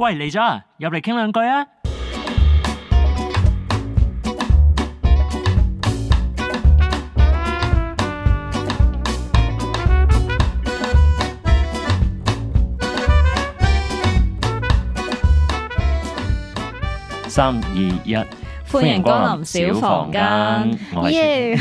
喂，嚟咗啊！入嚟傾兩句啊！三二一，歡迎光臨小房間。耶！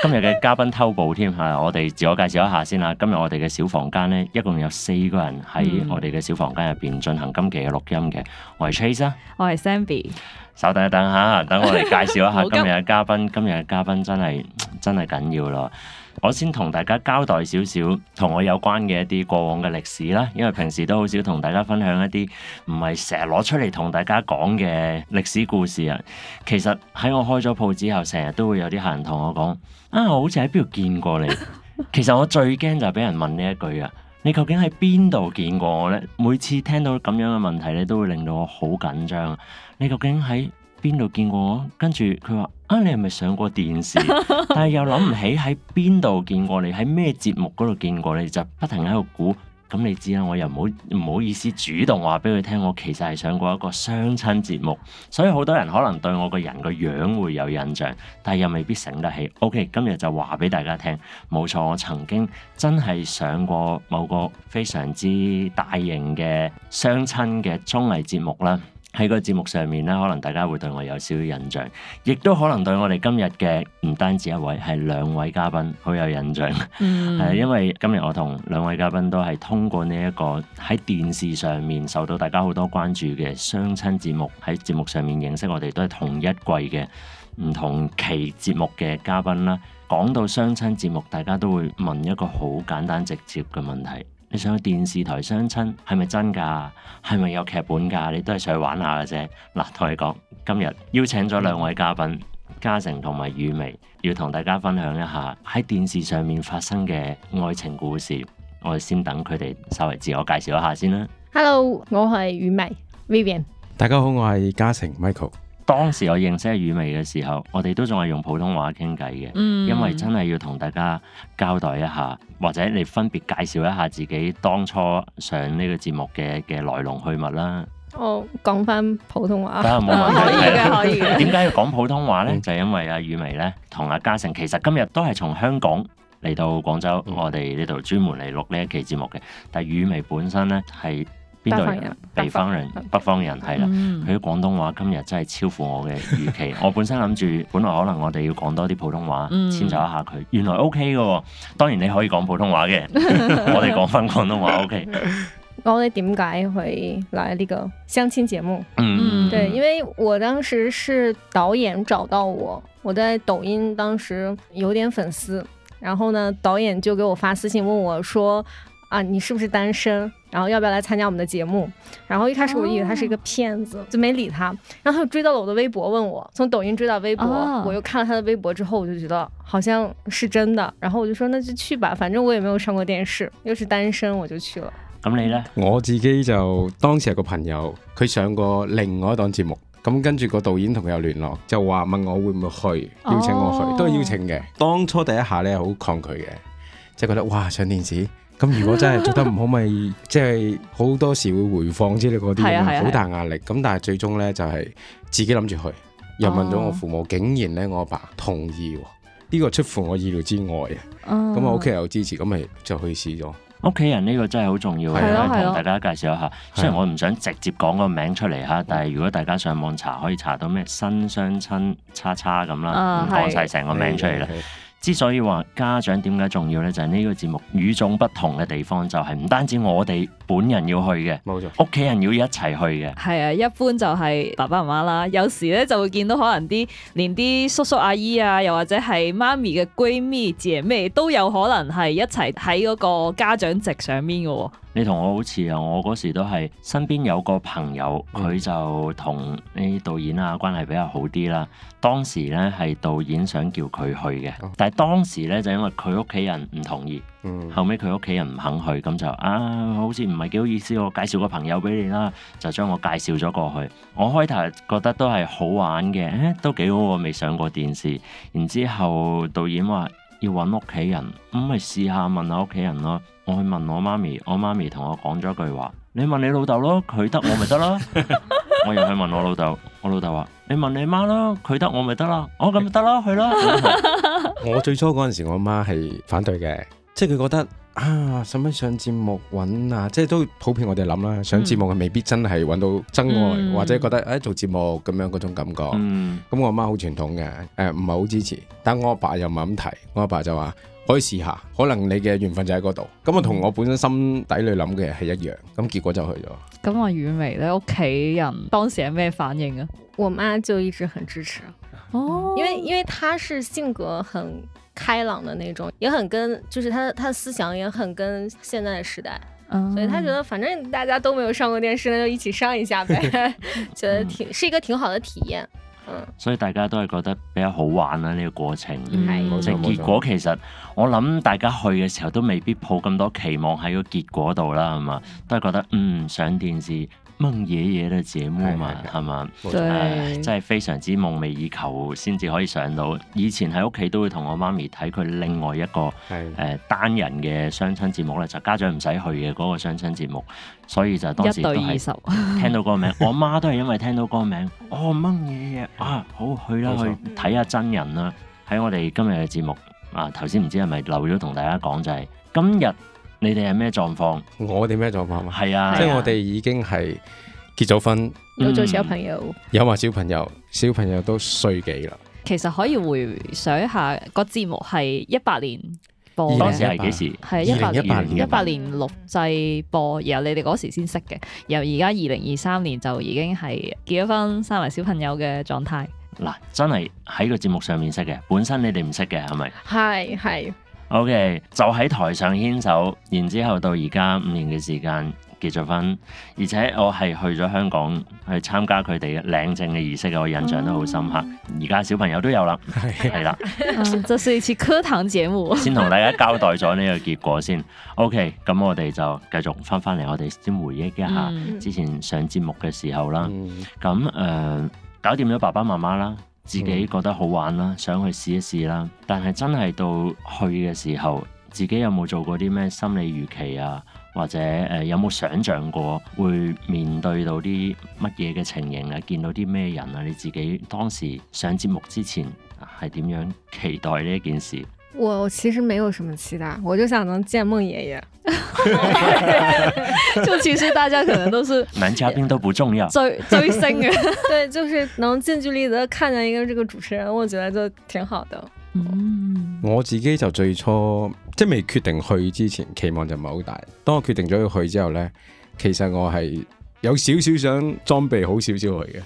今日嘅嘉賓偷步添，係、啊、我哋自我介紹一下先啦。今日我哋嘅小房間咧，一共有四個人喺我哋嘅小房間入邊進行今期嘅錄音嘅。我係 Trace 啊，我係 Zenbi。稍等一等嚇、啊，等我嚟介紹一下今日嘅嘉賓。今日嘅嘉賓真係真係緊要咯。我先同大家交代少少同我有關嘅一啲過往嘅歷史啦，因為平時都好少同大家分享一啲唔係成日攞出嚟同大家講嘅歷史故事啊。其實喺我開咗鋪之後，成日都會有啲客人同我講啊，我好似喺邊度見過你。其實我最驚就係俾人問呢一句啊，你究竟喺邊度見過我呢？每次聽到咁樣嘅問題你都會令到我好緊張。你究竟喺邊度見過我？跟住佢話。啊！你係咪上過電視？但係又諗唔起喺邊度見過你？喺咩節目嗰度見過你？就不停喺度估。咁你知啦，我又唔好唔好意思主動話俾佢聽，我其實係上過一個相親節目。所以好多人可能對我個人個樣會有印象，但係又未必醒得起。OK，今日就話俾大家聽，冇錯，我曾經真係上過某個非常之大型嘅相親嘅綜藝節目啦。喺個節目上面咧，可能大家會對我有少少印象，亦都可能對我哋今日嘅唔單止一位係兩位嘉賓好有印象，係、嗯、因為今日我同兩位嘉賓都係通過呢一個喺電視上面受到大家好多關注嘅相親節目，喺節目上面認識我哋都係同一季嘅唔同期節目嘅嘉賓啦。講到相親節目，大家都會問一個好簡單直接嘅問題。你想去電視台相親係咪真㗎？係咪有劇本㗎？你都係上去玩下嘅啫。嗱、啊，同你講，今日邀請咗兩位嘉賓，嘉成同埋雨薇，要同大家分享一下喺電視上面發生嘅愛情故事。我哋先等佢哋稍為自我介紹一下先啦。Hello，我係雨薇，Vivian。大家好，我係嘉成，Michael。當時我認識阿雨薇嘅時候，我哋都仲係用普通話傾偈嘅，嗯、因為真係要同大家交代一下，或者你分別介紹一下自己當初上呢個節目嘅嘅來龍去脈啦。我講翻普通話，梗係冇問題。點解 要講普通話呢？ 就因為阿雨薇呢，同阿嘉誠其實今日都係從香港嚟到廣州，嗯、我哋呢度專門嚟錄呢一期節目嘅。但係雨薇本身呢，係。北方人，北方人，北方人係啦。佢啲廣東話今日真係超乎我嘅預期。 我本身諗住，本來可能我哋要講多啲普通話，遷就一下佢。原來 O K 嘅。當然你可以講普通話嘅， 我哋講翻廣東話 O K。我哋點解去嚟呢個相親節目？嗯嗯，對，因為我當時是導演找到我，我在抖音當時有點粉絲，然後呢，導演就給我發私信問我說。啊，你是不是單身？然後要不要來參加我們的節目？然後一開始我以為他是一個騙子，oh. 就沒理他。然後他又追到了我的微博，問我從抖音追到微博，oh. 我又看了他的微博之後，我就覺得好像是真的。然後我就說那就去吧，反正我也沒有上過電視，又是單身，我就去了。咁你呢？我自己就當時有個朋友，佢上過另外一檔節目，咁跟住個導演同佢有聯絡，就話問我會唔會去，邀請我去，oh. 都係邀請嘅。當初第一下咧好抗拒嘅。即係覺得哇，上電視，咁如果真係做得唔好，咪即係好多時會回放之類嗰啲，好大壓力。咁但係最終呢，就係自己諗住去，又問咗我父母，竟然呢，我阿爸同意喎，呢個出乎我意料之外啊！咁我屋企人有支持，咁咪就去試咗。屋企人呢個真係好重要嘅，同大家介紹一下。雖然我唔想直接講個名出嚟吓，但係如果大家上網查，可以查到咩新相親叉叉咁啦，講晒成個名出嚟啦。之所以話家長點解重要呢？就係呢個節目與眾不同嘅地方，就係唔單止我哋本人要去嘅，冇錯，屋企人要一齊去嘅。係啊，一般就係爸爸媽媽啦，有時咧就會見到可能啲連啲叔叔阿姨啊，又或者係媽咪嘅閨蜜姐妹都有可能係一齊喺嗰個家長席上面嘅。你同我好似啊！我嗰時都係身邊有個朋友，佢就同啲導演啊關係比較好啲啦。當時呢係導演想叫佢去嘅，但係當時呢就因為佢屋企人唔同意，後尾佢屋企人唔肯去，咁就啊，好似唔係幾好意思。我介紹個朋友俾你啦，就將我介紹咗過去。我開頭覺得都係好玩嘅，誒都幾好，我未上過電視。然之後導演話，要揾屋企人，咁咪試下問下屋企人咯。我去問我媽咪，我媽咪同我講咗一句話： 你問你老豆咯，佢得我咪得咯。 我又去問我老豆，我老豆話：你問你媽咯，佢得我咪得咯。我咁咪得咯、oh，去咯。 我最初嗰陣時，我媽係反對嘅，即係佢覺得。啊！使唔上節目揾啊？即係都普遍我哋諗啦，嗯、上節目啊未必真係揾到真愛，嗯、或者覺得誒、哎、做節目咁樣嗰種感覺。咁、嗯、我媽好傳統嘅，誒唔係好支持。但我阿爸又唔係咁提，我阿爸就話，可以試下，可能你嘅緣分就喺嗰度。咁啊，同我本身心底裏諗嘅係一樣。咁結果就去咗。咁阿雨薇你屋企人當時係咩反應啊？我媽就一直很支持。哦因。因為因為她是性格很開朗的那種，也很跟，就是她的她的思想也很跟現在的時代，嗯、所以她覺得反正大家都沒有上過電視，就一起上一下唄， 覺得挺是一個挺好的體驗。所以大家都係覺得比較好玩啦，啊，呢個過程，即係結果冇錯，其實我諗大家去嘅時候都未必抱咁多期望喺個結果度啦，係嘛？都係覺得嗯上電視。掹嘢嘢嘅節目啊嘛，係嘛？真係非常之夢寐以求先至可以上到。以前喺屋企都會同我媽咪睇佢另外一個誒的、呃、單人嘅相親節目咧，就家長唔使去嘅嗰、那個相親節目。所以就當時都係聽到嗰個名， 我媽都係因為聽到嗰個名， 哦掹嘢嘢啊，好去啦錯去睇下真人啦。喺我哋今日嘅節目啊，頭先唔知係咪漏咗同大家講就係、是、今日，你哋係咩狀況？我哋咩狀況 啊？係啊，即係我哋已經係結咗婚，有咗小朋友，嗯、有埋小朋友，小朋友都歲幾啦。其實可以回想一下，那個節目係一八年播，當時係幾時？係二零一八年，一八年六季年，播，然後你由你哋嗰時先識嘅，然由而家二零二三年就已經係結咗婚，生埋小朋友嘅狀態。嗱，真係喺個節目上面識嘅，本身你哋唔識嘅係咪？係係。O.K. 就喺台上牽手，然之後到而家五年嘅時間結咗婚，而且我係去咗香港去參加佢哋嘅領證嘅儀式，我印象都好深刻。而家、嗯、小朋友都有啦，係啦 了、啊。這是一次課堂節目。 先同大家交代咗呢個結果先。O.K. 咁我哋就繼續翻翻嚟，我哋先回憶一下、嗯、之前上節目嘅時候啦。咁誒、嗯呃，搞掂咗爸爸媽媽啦。自己覺得好玩啦，想去試一試啦。但係真係到去嘅時候，自己有冇做過啲咩心理預期啊？或者誒、呃、有冇想像過會面對到啲乜嘢嘅情形啊？見到啲咩人啊？你自己當時上節目之前係點樣期待呢一件事？我其實沒有什麼期待，我就想能見孟爺爺。 就其實大家可能都是男嘉賓都不重要，追追星， 對，就是能近距離的看見一個這個主持人，我覺得就挺好的。嗯，mm. 我自己就最初即未決定去之前，期望就唔係好大。當我決定咗要去之後呢，其實我係有少少想裝備好少少去嘅。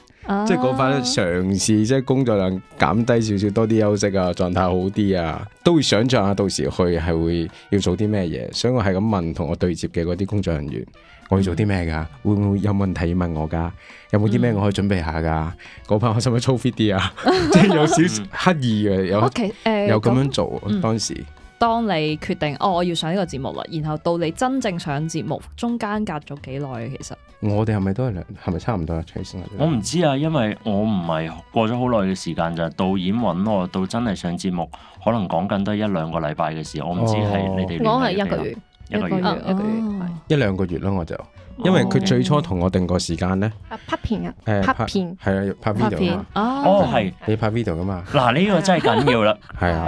即係嗰班嘗試，即係工作量減低少少，多啲休息啊，狀態好啲啊，都會想象下到時去係會要做啲咩嘢，所以我係咁問同我對接嘅嗰啲工作人員，我要做啲咩噶？嗯、會唔會有問題要問我噶？有冇啲咩我可以準備下噶？嗰班我使唔使操啲啊？即係 有少少刻意嘅，有 okay、呃、有咁樣做、嗯、當時。當你決定哦，我要上呢個節目啦，然後到你真正上節目，中間隔咗幾耐啊？其實我哋係咪都係係咪差唔多啊？Trace，我唔知啊，因為我唔係過咗好耐嘅時間就係導演揾我到真係上節目，可能講緊都係一兩個禮拜嘅事。我唔知係你哋，我係一個月，一個月，一個月，一兩個月咯。我就因為佢最初同我定個時間咧，拍片啊，拍片係啊，拍 video 啊，哦係你拍 video 噶嘛？嗱呢個真係緊要啦，係啊。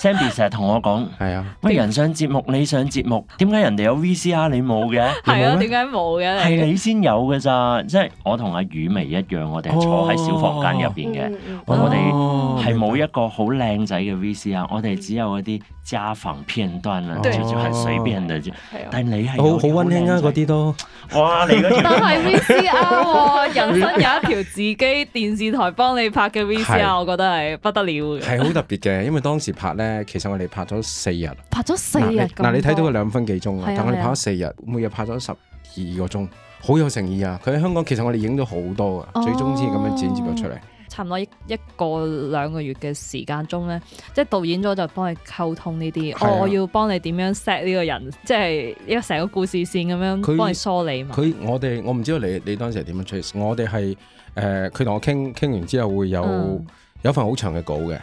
Sammy 成日同我講，係啊，喂，人上節目你上節目，點解人哋有 VCR 你冇嘅？係啊，點解冇嘅？係你先有嘅咋，即係我同阿雨薇一樣，我哋坐喺小房間入邊嘅，我哋係冇一個好靚仔嘅 VCR，我哋只有嗰啲家訪片段啦，就就很隨便嘅就，但係你係好好溫馨啊，嗰啲都，哇你嗰條都係 VCR，人生有一條自己電視台幫你拍嘅 VCR，我覺得係不得了嘅，係好特別嘅，因為當時拍咧。其實我哋拍咗四日，拍咗四日。嗱，你睇到佢兩分幾鐘啊？但我哋拍咗四日，啊、每日拍咗十二個鐘，好有誠意啊！佢喺香港，其實我哋影咗好多噶，哦、最終先咁樣剪接咗出嚟。差唔多一一個兩個月嘅時間中咧，即係導演咗就幫你溝通呢啲、啊哦，我要幫你點樣 set 呢個人，即係一個成個故事線咁樣幫你梳理你。佢我哋我唔知道你你當時係點樣 c 我哋係誒，佢、呃、同我傾傾完之後會有、嗯、有份好長嘅稿嘅，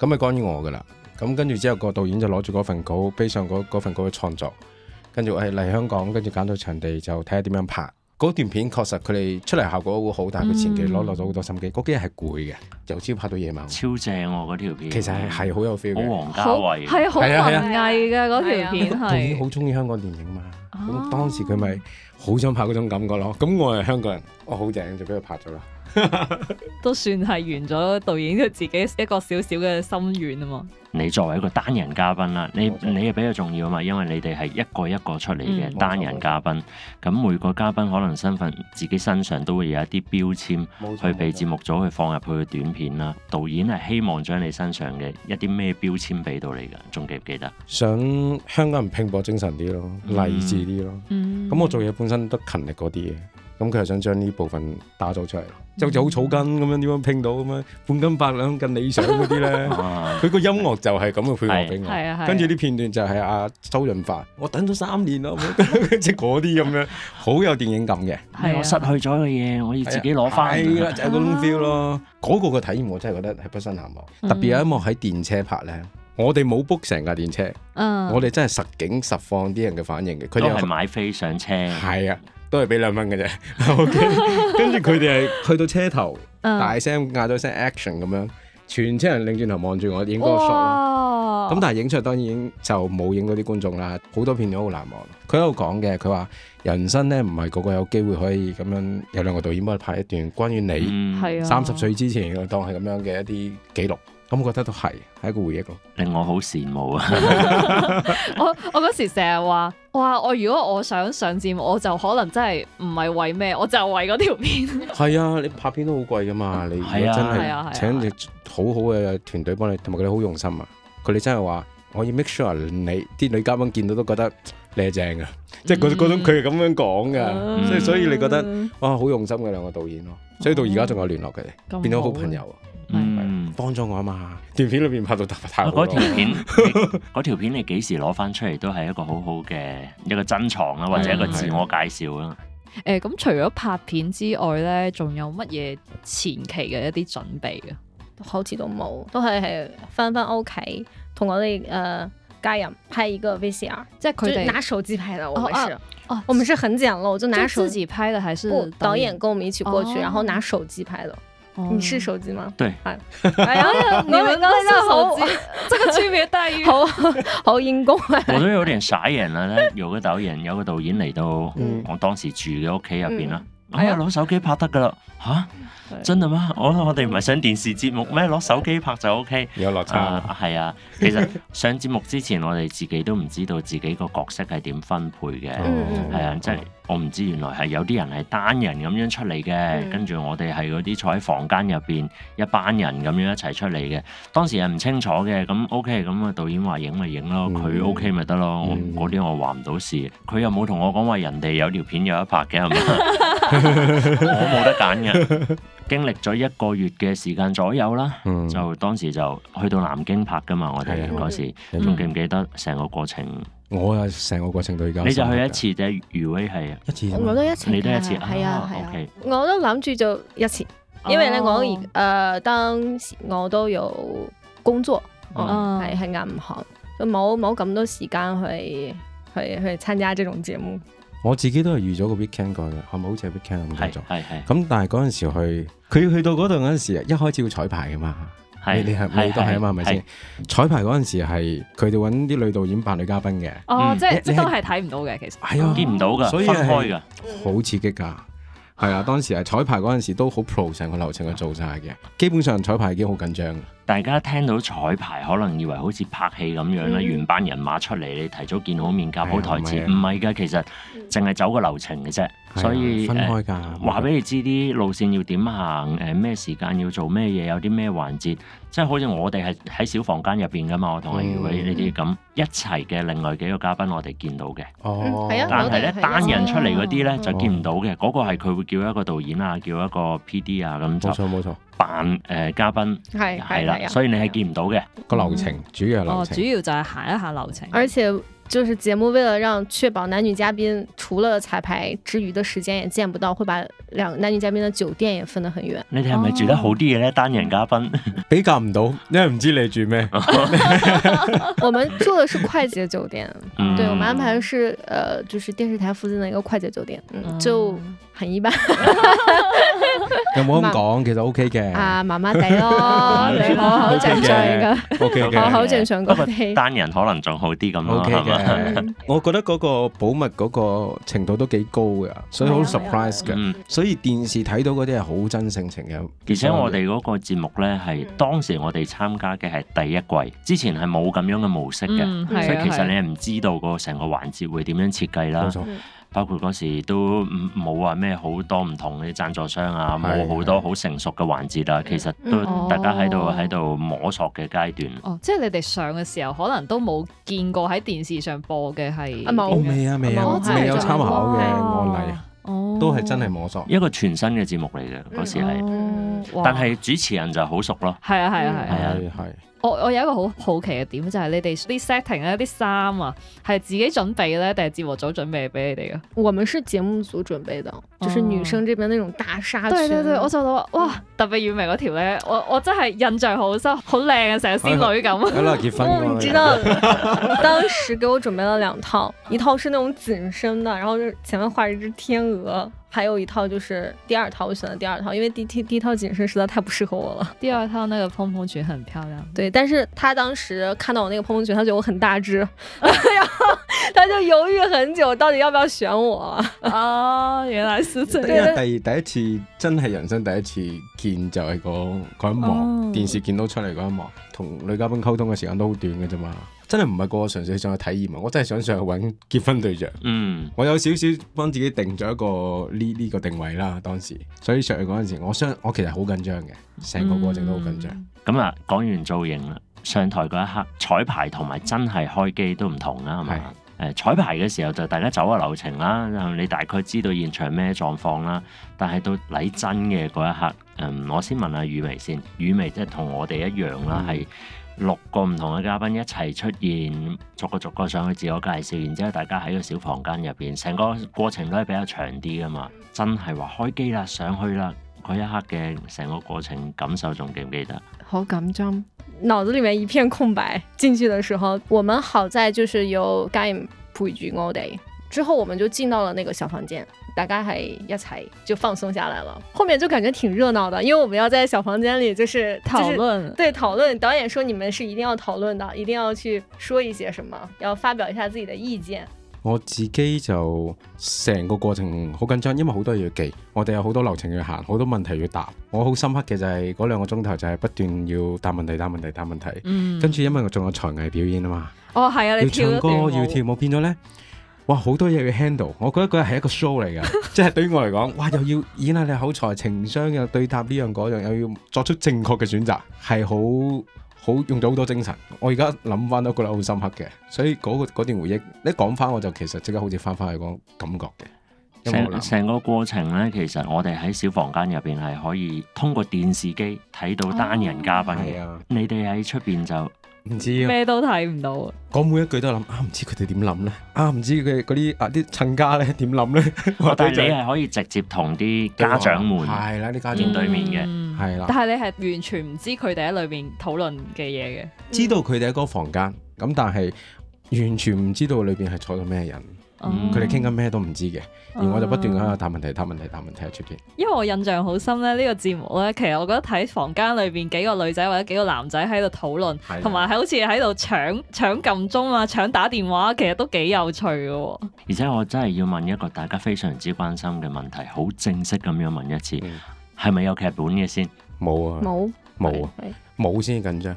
咁啊關於我噶啦。咁跟住之後，個導演就攞住嗰份稿，背上嗰份稿嘅創作。跟住我係嚟香港，跟住揀到場地，就睇下點樣拍。嗰段片確實佢哋出嚟效果會好，但係佢前期攞落咗好多心機。嗰、嗯、幾日係攰嘅，由朝拍到夜晚。超正喎、啊、嗰條片。其實係係好有 feel 嘅，王家衛係好文藝嘅嗰、啊啊、條片係。導演好中意香港電影嘛？咁、啊、當時佢咪好想拍嗰種感覺咯。咁我係香港人，我好正就俾佢拍咗啦。 都算係完咗導演佢自己一個小小嘅心願啊嘛！你作為一個單人嘉賓啦，嗯，你你係比較重要啊嘛，因為你哋係一個一個出嚟嘅單人嘉賓，咁、嗯、每個嘉賓可能身份自己身上都會有一啲標籤錯，去被節目組去放入佢嘅短片啦。導演係希望將你身上嘅一啲咩標籤俾到你噶，仲記唔記得？想香港人拼搏精神啲咯，勵志啲咯。嗯，咁我做嘢本身都勤力嗰啲嘢。咁佢係想將呢部分打造出嚟，即好似好草根咁樣，點樣拼到咁樣半斤八兩、更理想嗰啲咧？佢個音樂就係咁嘅配合俾我。係啊，係。跟住啲片段就係阿周潤發，我等咗三年咯，即嗰啲咁樣，好有電影感嘅。係。我失去咗嘅嘢，我要自己攞翻。係啦，就係嗰種 feel 咯。嗰個嘅體驗，我真係覺得係畢生難忘。特別有一幕喺電車拍咧，我哋冇 book 成架電車，我哋真係實景實況啲人嘅反應嘅。佢哋係買飛上車。係啊。都係俾兩蚊嘅啫，OK。跟住佢哋係去到車頭，嗯、大聲嗌咗聲 action 咁樣，全車人擰轉頭望住我影嗰個 shot 哇。咁但係影出當然就冇影到啲觀眾啦，好多片段好難忘。佢喺度講嘅，佢話人生咧，唔係個個有機會可以咁樣有兩個導演幫你拍一段關於你三十歲之前，當係咁樣嘅一啲記錄。咁覺得都係係一個回憶咯，令我好羨慕啊 ！我我嗰時成日話：哇！我如果我想上節目，我就可能真係唔係為咩，我就為嗰條片。係啊，你拍片都好貴噶嘛！你如果真係請你好好嘅團隊幫你，同埋佢哋好用心啊！佢哋真係話：我要 make sure 你啲女嘉賓見到都覺得你係正啊！即係嗰種佢係咁樣講嘅，即係、嗯、所，所以你覺得哇，好用心嘅兩個導演咯，嗯、所以到而家仲有聯絡佢哋，變咗好朋友。是是嗯，幫助我嘛？段片裏邊拍到太太嗰條片，嗰條 片你幾時攞翻出嚟都係一個好好嘅一個珍藏啦、啊，或者一個自我介紹啦、啊。誒，咁、欸、除咗拍片之外咧，仲有乜嘢前期嘅一啲準備啊？好似都冇，都係翻翻屋企同我哋誒、呃、家人拍一個 VCR，即係佢哋就拿手機拍的。我們是哦，啊啊、我們是很簡陋，就拿手機拍的，還是導演，導演跟我們一起過去，哦、然後拿手機拍的。你是手機嗎？對，哎呀，你呢？你們剛才是手機，這個區別待遇， 好，好陰公啊！我都有點傻眼啦， 有個導演，有個導演嚟到我當時住嘅屋企入邊哎呀，攞手機拍得㗎喇吓？真係嗎？我我哋唔係上電視節目咩？攞手機拍就 OK。有落差啊，係啊。其實上節目之前， 我哋自己都唔知道自己個角色係點分配嘅，係、嗯嗯嗯、啊，即係我唔知原來係有啲人係單人咁樣出嚟嘅，嗯、跟住我哋係嗰啲坐喺房間入邊一班人咁樣一齊出嚟嘅。當時係唔清楚嘅，咁 O K，咁啊導演話影咪影咯，佢 O K 咪得咯。嗰啲我話唔到事，佢又冇同我講話人哋有條片有一拍嘅。係嘛？ 我冇得揀嘅，經歷咗一個月嘅時間左右啦，就當時就去到南京拍噶嘛，我哋嗰時，仲記唔記得成個過程？我又成個過程都比較你就去一次啫，雨薇係一次，我都一次，你都一次，係啊係啊，我都諗住就一次，因為咧我誒當時我都有工作，係係銀行，冇冇咁多時間去去去參加這種節目。我自己都係預咗個 weekend 過嘅，係咪好似 weekend 咁繼續？係係係。咁但係嗰陣時去，佢去到嗰度嗰陣時一開始要彩排㗎嘛。係你係未都係吖嘛？係咪先？彩排嗰陣時係佢哋揾啲女導演扮女嘉賓嘅。哦，即係都係睇唔到嘅，其實係啊，見唔到㗎，所以係分開㗎，好刺激㗎。係啊，當時係彩排嗰陣時都好 pro 成個流程去做晒嘅，基本上彩排已經好緊張大家聽到彩排，可能以為好似拍戲咁樣啦，原班人馬出嚟，你提早見好面、夾好台詞，唔係㗎，其實淨係走個流程嘅啫。所以，分開㗎。話俾你知啲路線要點行，誒咩時間要做咩嘢，有啲咩環節，即係好似我哋係喺小房間入邊㗎嘛，我同阿雨薇呢啲咁一齊嘅另外幾個嘉賓，我哋見到嘅。但係咧單人出嚟嗰啲咧就見唔到嘅，嗰個係佢會叫一個導演啊，叫一個 P.D. 啊咁就。冇錯，冇錯。版，誒嘉賓係，係啦，所以你係見唔到嘅。個流程，主要哦，主要就係行一下流程。而且就是節目為了讓確保男女嘉賓除了彩排之餘嘅時間也見不到，會把兩男女嘉賓的酒店也分得很遠。你哋係咪住得好啲嘅咧？單人嘉賓比較唔到，因為唔知你住咩。我們住的是快捷酒店，對，我們安排的是，呃，就是電視台附近的一個快捷酒店，嗯，就很一般。有冇咁講？其實 OK 嘅啊，麻麻地咯， 你好口正常噶，好、okay okay、正常嗰單人可能仲好啲咁 OK 嘅，我覺得嗰個保密嗰個程度都幾高嘅，所以好 surprise 嘅。嗯嗯、所以電視睇到嗰啲係好真性情嘅，而且我哋嗰個節目咧係當時我哋參加嘅係第一季，之前係冇咁樣嘅模式嘅，嗯、所以其實你係唔知道個成個環節會點樣設計啦。嗯。包括嗰時都冇話咩好多唔同嘅贊助商啊，冇好多好成熟嘅環節啦。其實都大家喺度喺度摸索嘅階段。哦，即係你哋上嘅時候，可能都冇見過喺電視上播嘅係冇未啊？未啊，未有參考嘅案例。哦，都係真係摸索，一個全新嘅節目嚟嘅嗰時係。嗯，但係主持人就好熟咯。係啊，係啊，係啊，係。我我有一個好好奇嘅點，就係、是、你哋啲 setting 咧，啲衫啊，係自己準備嘅咧，定係節目組準備俾你哋嘅？我們是節目組準備的，就是女生這邊那種大紗裙，哦。對對對，我覺得哇，特別有名嗰條咧，我我真係印象好深，好靚、哎、 啊，成仙女咁。唔知道， 當時給我準備了兩套，一套是那種緊身的，然後就前面畫一隻天鵝。還有一套就是第二套，我選了第二套，因為第第第一套緊身實在太不適合我了。第二套那個蓬蓬裙很漂亮，對。但是他當時看到我那個蓬蓬裙，他覺得我很大隻，然後 他就猶豫很久，到底要不要選我啊、哦？原來是這樣。第一第一次真係人生第一次見，就係講嗰一幕，哦、電視見到出來嗰一幕，同女嘉賓溝通嘅時間都好短嘅啫嘛。真係唔係個純粹想去體驗啊！我真係想上去揾結婚對象。嗯，我有少少幫自己定咗一個呢呢、呢個定位啦。當時，所以上去嗰陣時，我相我其實好緊張嘅，成個過程都好緊張。咁啊、嗯，講、嗯、完造型啦，上台嗰一刻，彩排同埋真係開機都唔同啦，係咪？誒是，彩排嘅時候就大家走下流程啦，你大概知道現場咩狀況啦。但係到禮真嘅嗰一刻，嗯，我先問下雨薇先，雨薇即係同我哋一樣啦，係、嗯。六個唔同嘅嘉賓一齊出現，逐個逐個上去自我介紹，然之後大家喺個小房間入邊，成個過程都係比較長啲噶嘛。真係話開機啦，上去啦，嗰一刻嘅成個過程感受，仲記唔記得？好緊張，腦子裏面一片空白。進去嘅時候，我們好在就是有家人陪住我哋。之後我們就進到了那個小房間。大家係一齊就放鬆下來了，後面就感覺挺熱鬧的，因為我們要在小房間裏就是討論，就是、對討論。導演說你們是一定要討論的，一定要去說一些什麼，要發表一下自己的意見。我自己就成個過程好緊張，因為好多嘢要記，我哋有好多流程要行，好多問題要答。我好深刻嘅就係、是、嗰兩個鐘頭就係不斷要答問題、答問題、答問題。嗯、跟住因為我仲有才藝表演啊嘛。哦，係啊，你唱歌要跳舞，要跳舞變咗呢。哇！好多嘢要 handle，我覺得嗰日係一個 show 嚟嘅， 即係對於我嚟講，哇又要演下你口才、情商又對答呢樣嗰樣，又要作出正確嘅選擇，係好好用咗好多精神。我而家諗翻都覺得好深刻嘅，所以嗰個、嗰段回憶，你一講翻我就其實即刻好似翻返去嗰感覺嘅。成成整個過程呢，其實我哋喺小房間入邊係可以通過電視機睇到單人嘉賓嘅，嗯啊、你哋喺出邊就。唔知咩、啊、都睇唔到，講每一句都諗啊，唔知佢哋點諗咧？啊，唔知佢嗰啲啊啲親、啊、家咧點諗咧？我但係你係可以直接同啲家長們係啦說，啲家長對面嘅係啦，但係你係完全唔知佢哋喺裏邊討論嘅嘢嘅，知道佢哋喺個房間，咁但係完全唔知道裏邊係坐到咩人。佢哋傾緊咩都唔知嘅，而我就不斷喺度答問題、答問題、答問題出嘅。因為我印象好深咧，呢個節目咧，其實我覺得睇房間裏邊幾個女仔或者幾個男仔喺度討論，同埋喺好似喺度搶搶撳鐘啊、搶打電話，其實都幾有趣嘅。而且我真係要問一個大家非常之關心嘅問題，好正式咁樣問一次，係咪有劇本嘅先？冇啊！冇冇啊！冇先緊張，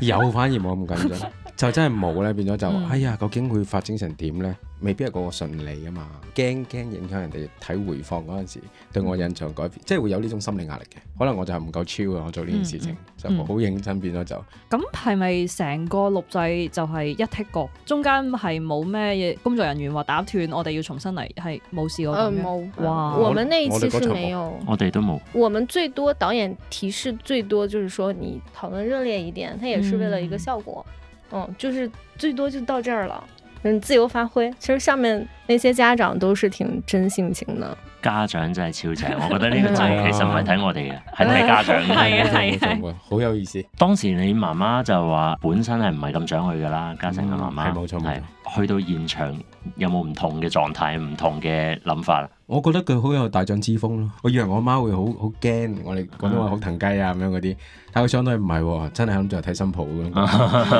有反而冇咁緊張。就真係冇咧，變咗就哎呀，究竟會發展成點咧？未必係嗰個順利啊嘛，驚驚影響人哋睇回放嗰陣時，對我印象改變，即係會有呢種心理壓力嘅。可能我就係唔夠超啊，我做呢件事情就好認真，變咗就咁係咪成個錄製就係一 take 過，中間係冇咩嘢工作人員話打斷，我哋要重新嚟，係冇試過咁樣。冇，哇！我們呢次算冇，我哋都冇。我們最多導演提示最多，就是說你討論熱烈一點，他也是為了一個效果。嗯，就是最多就到這兒了。嗯，自由發揮。其實上面那些家長都是挺真性情的。家長真係超正，我覺得呢個真係。其實唔係睇我哋嘅，係睇 家長嘅，睇觀眾好有意思。當時你媽媽就話，本身係唔係咁想去噶啦，嘉成嘅媽媽，冇錯冇錯。是去到現場有冇唔同嘅狀態、唔同嘅諗法啊？我覺得佢好有大將之風咯。我以為我媽會好好驚，我哋講到話好騰雞啊咁樣嗰啲，但佢相當唔係，真係喺度睇新抱咁。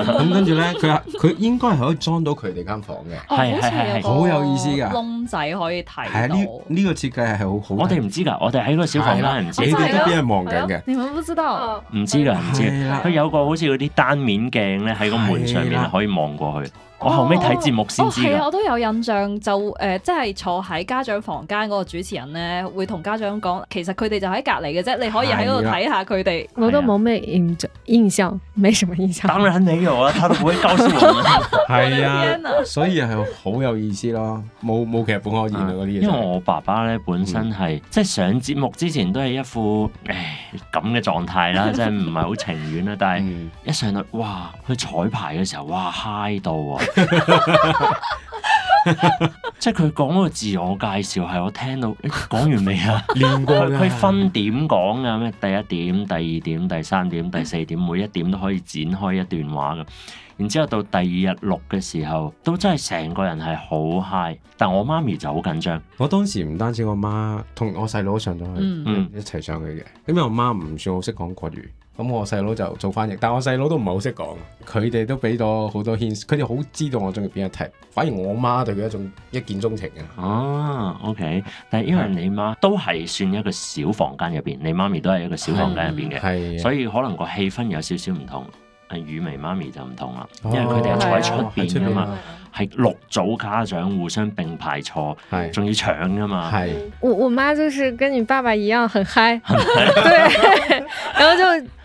咁跟住咧，佢佢應該係可以裝到佢哋間房嘅，係係係，好有意思㗎。窿仔可以睇到。係，呢個設計係好好。我哋唔知㗎，我哋喺個小房間你哋都俾人望緊嘅，你唔知道。唔知㗎，唔知。佢有個好似嗰啲單面鏡咧，喺個門上面可以望過去。我後尾睇節目先知哦。哦，我都有印象，就誒，即、呃、係坐喺家長房間嗰個主持人咧，會同家長講，其實佢哋就喺隔離嘅啫，你可以喺度睇下佢哋。的我都冇咩印象，的印象，沒什麼印象。當然肯定有啦，他都不會告訴我。係啊， 所以係好有意思咯，冇冇劇本可以演嗰啲嘢。因為我爸爸咧本身係、嗯、即係上節目之前都係一副誒咁嘅狀態啦，即係唔係好情願啦。 但係一上到哇，去彩排嘅時候，哇嗨到啊！ 即係佢講嗰個自我介紹，係我聽到講、欸、完未啊？練 過啊的？佢分點講啊？咩第一點、第二點、第三點、第四點，嗯、每一點都可以展開一段話噶。然之後到第二日錄嘅時候，都真係成個人係好嗨。但我媽咪就好緊張。我當時唔單止我媽同我細佬上咗去，嗯、一齊上去嘅，嗯、因為我媽唔算好識講國語。咁、嗯、我細佬就做翻譯，但我細佬都唔係好識講，佢哋都俾咗好多 h 佢哋好知道我中意邊一踢。反而我媽對佢一種一見鍾情嘅。哦、啊、，OK，但係因為你媽都係算一個小房間入邊，你媽咪都係一個小房間入邊嘅，所以可能個氣氛有少少唔同。雨薇媽咪就唔同啦，因為佢哋坐喺出邊啊嘛，係、啊、六組家長互相並排坐，仲是要長啊嘛。是我、我媽就是跟你爸爸一樣，很嗨。i 然後就。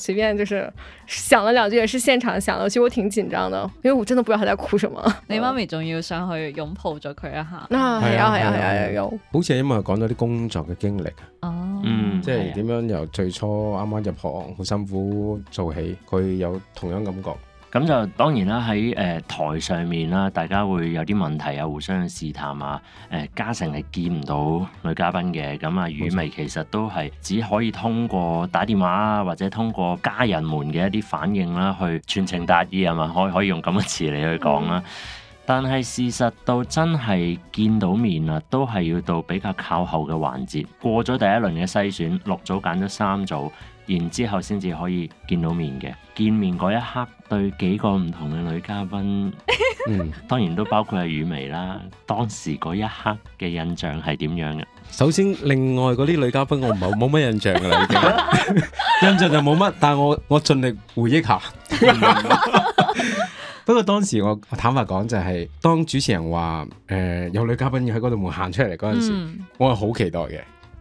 隨便就是想了兩句，也是現場想。其實我挺緊張的，因為我真的不知道佢在哭什麼。你媽咪仲要上去擁抱咗佢一下，係啊係啊係啊有。啊啊啊啊好似因為講咗啲工作嘅經歷哦，嗯啊、即係點樣由最初啱啱入行好辛苦做起，佢有同樣感覺。咁就當然啦，喺誒、呃、台上面啦，大家會有啲問題啊，互相試探啊。誒、呃，嘉成係見唔到女嘉賓嘅，咁啊，雨薇其實都係只可以通過打電話啊，或者通過家人們嘅一啲反應啦，去全程答意係嘛，可以可以用咁嘅詞嚟去講啦。嗯、但係事實到真係見到面啊，都係要到比較靠後嘅環節，過咗第一輪嘅篩選，六組揀咗三組。然之後先至可以見到面嘅，見面嗰一刻對幾個唔同嘅女嘉賓， 嗯、當然都包括係雨薇啦。當時嗰一刻嘅印象係點樣嘅？首先，另外嗰啲女嘉賓我唔係冇乜印象㗎啦，已經 印象就冇乜。但係我我盡力回憶下。 不過當時我坦白講就係、是，當主持人話誒、呃、有女嘉賓要喺嗰度門行出嚟嗰陣時，嗯、我係好期待嘅，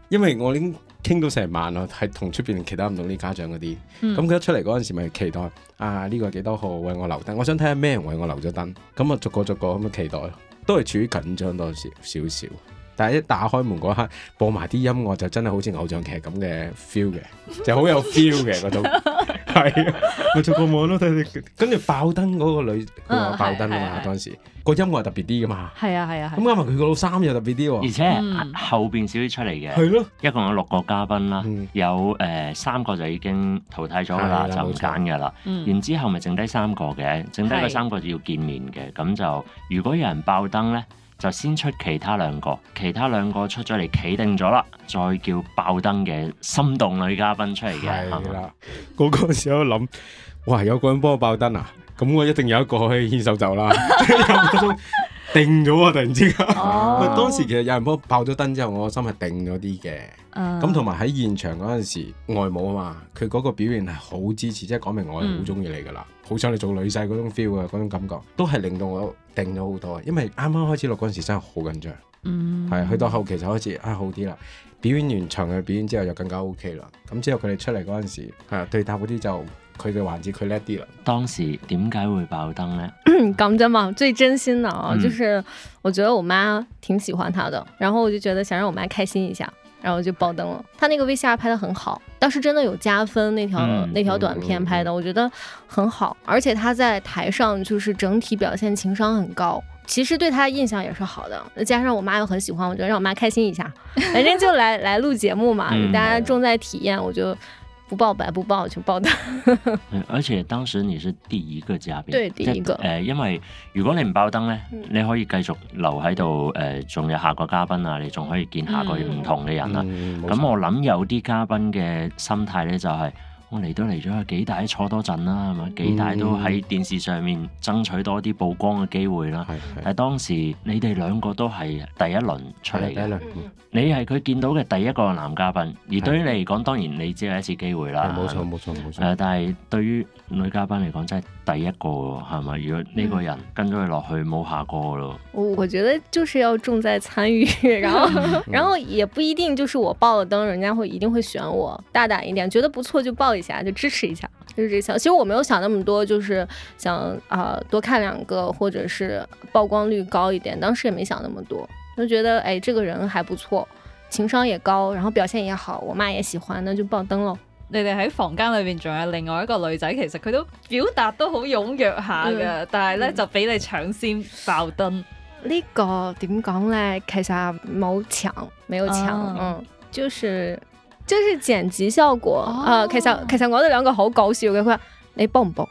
因為我已經。傾到成晚咯，係同出邊其他唔同啲家長嗰啲，咁佢、嗯、一出嚟嗰陣時咪期待啊呢、呢個幾多號為我留燈，我想睇下咩人為我留咗燈，咁啊逐個逐個咁啊期待，都係處於緊張多少少，但係一打開門嗰刻播埋啲音樂就真係好似偶像劇咁嘅 feel 嘅，就好有 feel 嘅嗰種。 係啊，咪逐個望咯，睇跟住爆燈嗰個女，佢話爆燈啊嘛，當時個音樂係特別啲噶嘛。係啊係啊。咁啱啊，佢個老三又特別啲喎。而且後邊少少出嚟嘅。係咯。一共有六個嘉賓啦，嗯、有誒、呃、三個就已經淘汰咗噶啦，的就唔揀噶啦。沒錯 然之後咪剩低三個嘅，嗯、剩低個三個就要見面嘅，咁是的 就如果有人爆燈咧。就先出其他兩個，其他兩個出咗嚟，企定咗啦，再叫爆燈嘅心動女嘉賓出嚟嘅。係啦的，嗰吧個時候諗，哇！有個人幫我爆燈啊，咁我一定有一個可以牽手走啦。 定咗喎！突然之間，oh. 當時其實有人幫我爆咗燈之後，我個心係定咗啲嘅。咁同埋喺現場嗰陣時，外母啊嘛，佢嗰個表現係好支持，即係講明我係好中意你噶啦，好、mm. 想你做女婿嗰種 feel 啊，嗰種感覺都係令到我定咗好多。因為啱啱開始錄嗰陣時真係好緊張，係去、mm. 到後期就開始啊好啲啦。表演完場嘅表演之後就更加 OK 啦。咁之後佢哋出嚟嗰陣時係對，對答嗰啲就。佢就還是佢叻啲啦。當時點解會爆燈呢？嗯，講真嘛，最真心的啊、哦，嗯、就是我覺得我媽挺喜歡他的，然後我就覺得想讓我媽開心一下，然後就爆燈了。他那個 VCR 拍得很好，當時真的有加分那條、嗯、那條短片拍的，嗯嗯、我覺得很好。而且他在台上就是整體表現情商很高，其實對他的印象也是好的。加上我媽又很喜歡，我覺得讓我媽開心一下，反正 就來 來錄節目嘛，嗯、大家重在體驗，我就。不爆白不爆就爆燈， 而且當時你是第一個嘉賓，對第一個誒，因為、呃、如果你唔爆燈呢，嗯、你可以繼續留喺度誒，仲、呃、有下個嘉賓啊，你仲可以見下個唔同嘅人啊。咁、嗯嗯、我諗有啲嘉賓嘅心態呢，就係、是。我嚟都嚟咗，幾大坐多陣啦，係嘛？幾大都喺電視上面爭取多啲曝光嘅機會啦。係、嗯，但當時你哋兩個都係第一輪出嚟，第一輪，嗯、你係佢見到嘅第一個男嘉賓，而對於你嚟講，是當然你只係一次機會啦。冇錯，冇吧錯，冇錯。誒、呃，錯但係對於女嘉賓嚟講，真係。第一個係咪？如果呢個人跟咗佢落去冇，嗯、下個咯。我我覺得就是要重在參與，然後 然後也不一定就是我爆了燈，人家會一定會選我。大膽一點，覺得不錯就爆一下，就支持一下，就是這想。其實我沒有想那麼多，就是想啊、呃、多看兩個，或者是曝光率高一點。當時也沒想那麼多，就覺得誒、哎，這個人還不錯，情商也高，然後表現也好，我媽也喜歡，那就爆燈咯。你哋喺房間裏邊仲有另外一個女仔，其實佢都表達都好踴躍下噶，嗯、但係咧就俾你搶先爆燈。呢個點講咧？其實冇搶，沒有搶，哦、嗯，就是就是剪輯效果啊、哦呃。其實其實我哋兩個好搞笑嘅，佢話你報唔報？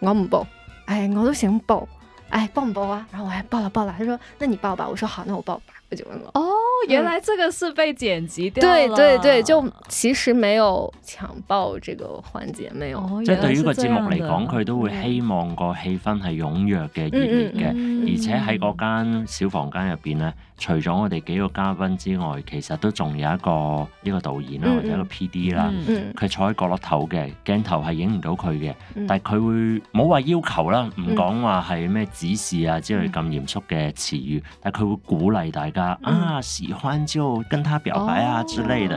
我唔報。唉、哎，我都想報。唉、哎，報唔報啊？然後我話報啦報啦，佢說那你報吧，我說好，那我報吧，我就問咯。 哦，原來這個是被剪輯掉了。嗯，對對對，就其實沒有強暴這個環節，沒有。即係對於個節目嚟講，佢都會希望個氣氛係踴躍嘅、熱烈嘅，而且喺嗰間小房間入邊咧。除咗我哋幾個嘉賓之外，其實都仲有一個呢個導演啦，或者個 P.D. 啦、嗯嗯，佢、嗯、坐喺角落頭嘅鏡頭係影唔到佢嘅，嗯、但係佢會冇話要求啦，唔講話係咩指示啊之類咁嚴肅嘅詞語，但係佢會鼓勵大家、嗯、啊，喜歡就跟他表白啊之類嘅，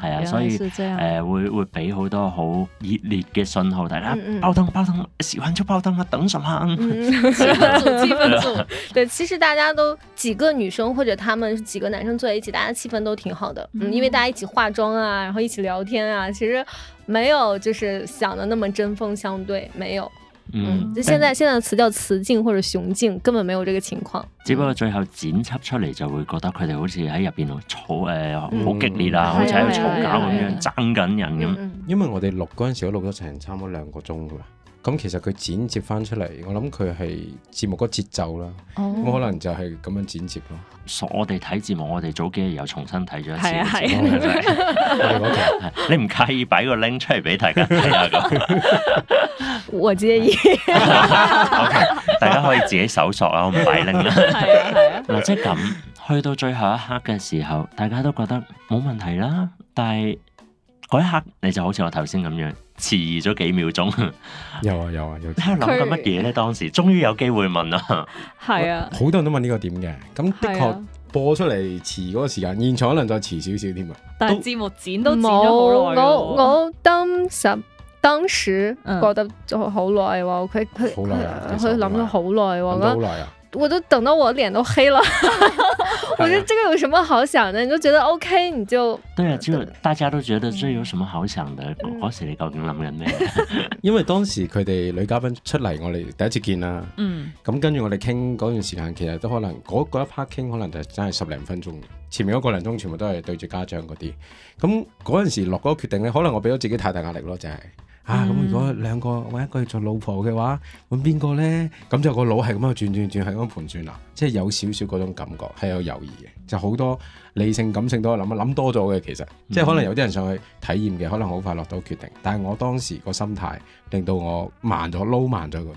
係、喔、啊，所以誒、呃、會會俾好多好熱烈嘅信號，大家爆燈爆燈，喜歡就爆燈啦，等十下，氣氛組，對，其實大家都幾個女生。或者他們幾個男生坐在一起，大家氣氛都挺好的，嗯，因為大家一起化妝啊，然後一起聊天啊，其實沒有就是想的那麼針鋒相對，沒有，嗯，就現在定現在的詞叫雌競或者雄競，根本沒有這個情況。只不過最後剪輯出嚟就會覺得佢哋好似喺入邊度嘈誒，好、嗯、激烈啊，嗯、好似喺度嘈交咁樣、嗯，爭緊、啊啊啊啊啊、人咁。因為我哋錄嗰陣時錄都錄咗成差唔多兩個鐘噶。咁其實佢剪接翻出嚟，我諗佢係節目嗰節奏啦，咁可能就係咁樣剪接咯。我哋睇節目，我哋早幾日又重新睇咗一次。係啊係。你唔介意擺個拎出嚟俾大家睇啊？我介意。O K，okay. okay. okay. okay. 大家可以自己搜索啦，我唔擺拎 i n k 啦。嗱，即係咁，去到最後一刻嘅時候，大家都覺得冇問題啦。但係嗰一刻，你就好似我頭先咁樣。遲咗幾秒鐘、 啊，有啊有啊有，喺度諗緊乜嘢咧？當時終於有機會問啦，係啊，好多人都問呢個點嘅，咁的確播出嚟遲嗰個時間，現場可能再遲少少添啊。都但係節目剪都剪咗好耐。我我當時當時覺得好耐，話佢佢好耐佢諗咗好耐，我好耐啊，我都等到我臉都黑啦。 對啊、我覺得這個有什麼好想的？你都覺得 OK，你就對啊，就大家都覺得這有什麼好想的？嗰時你究竟諗緊咩？嗯、 因為當時佢哋女嘉賓出嚟，我哋第一次見啦、嗯嗯。嗯，咁跟住我哋傾嗰段時間，其實都可能嗰一 part 傾，可能就真係十零分鐘。前面嗰個零鐘全部都係對住家長嗰啲。咁嗰陣時落嗰個決定咧，可能我俾咗自己太大壓力咯，就係。啊，咁如果兩個揾一個去做老婆嘅話，揾邊個呢？咁、嗯、就個腦係咁樣轉轉轉，係咁盤轉啊，即係有少少嗰種感覺，係有猶豫嘅，就好多理性、感性都諗啊，諗多咗嘅其實，嗯、即係可能有啲人上去體驗嘅，可能好快落到決定。但係我當時個心態令到我慢咗，撈慢咗度。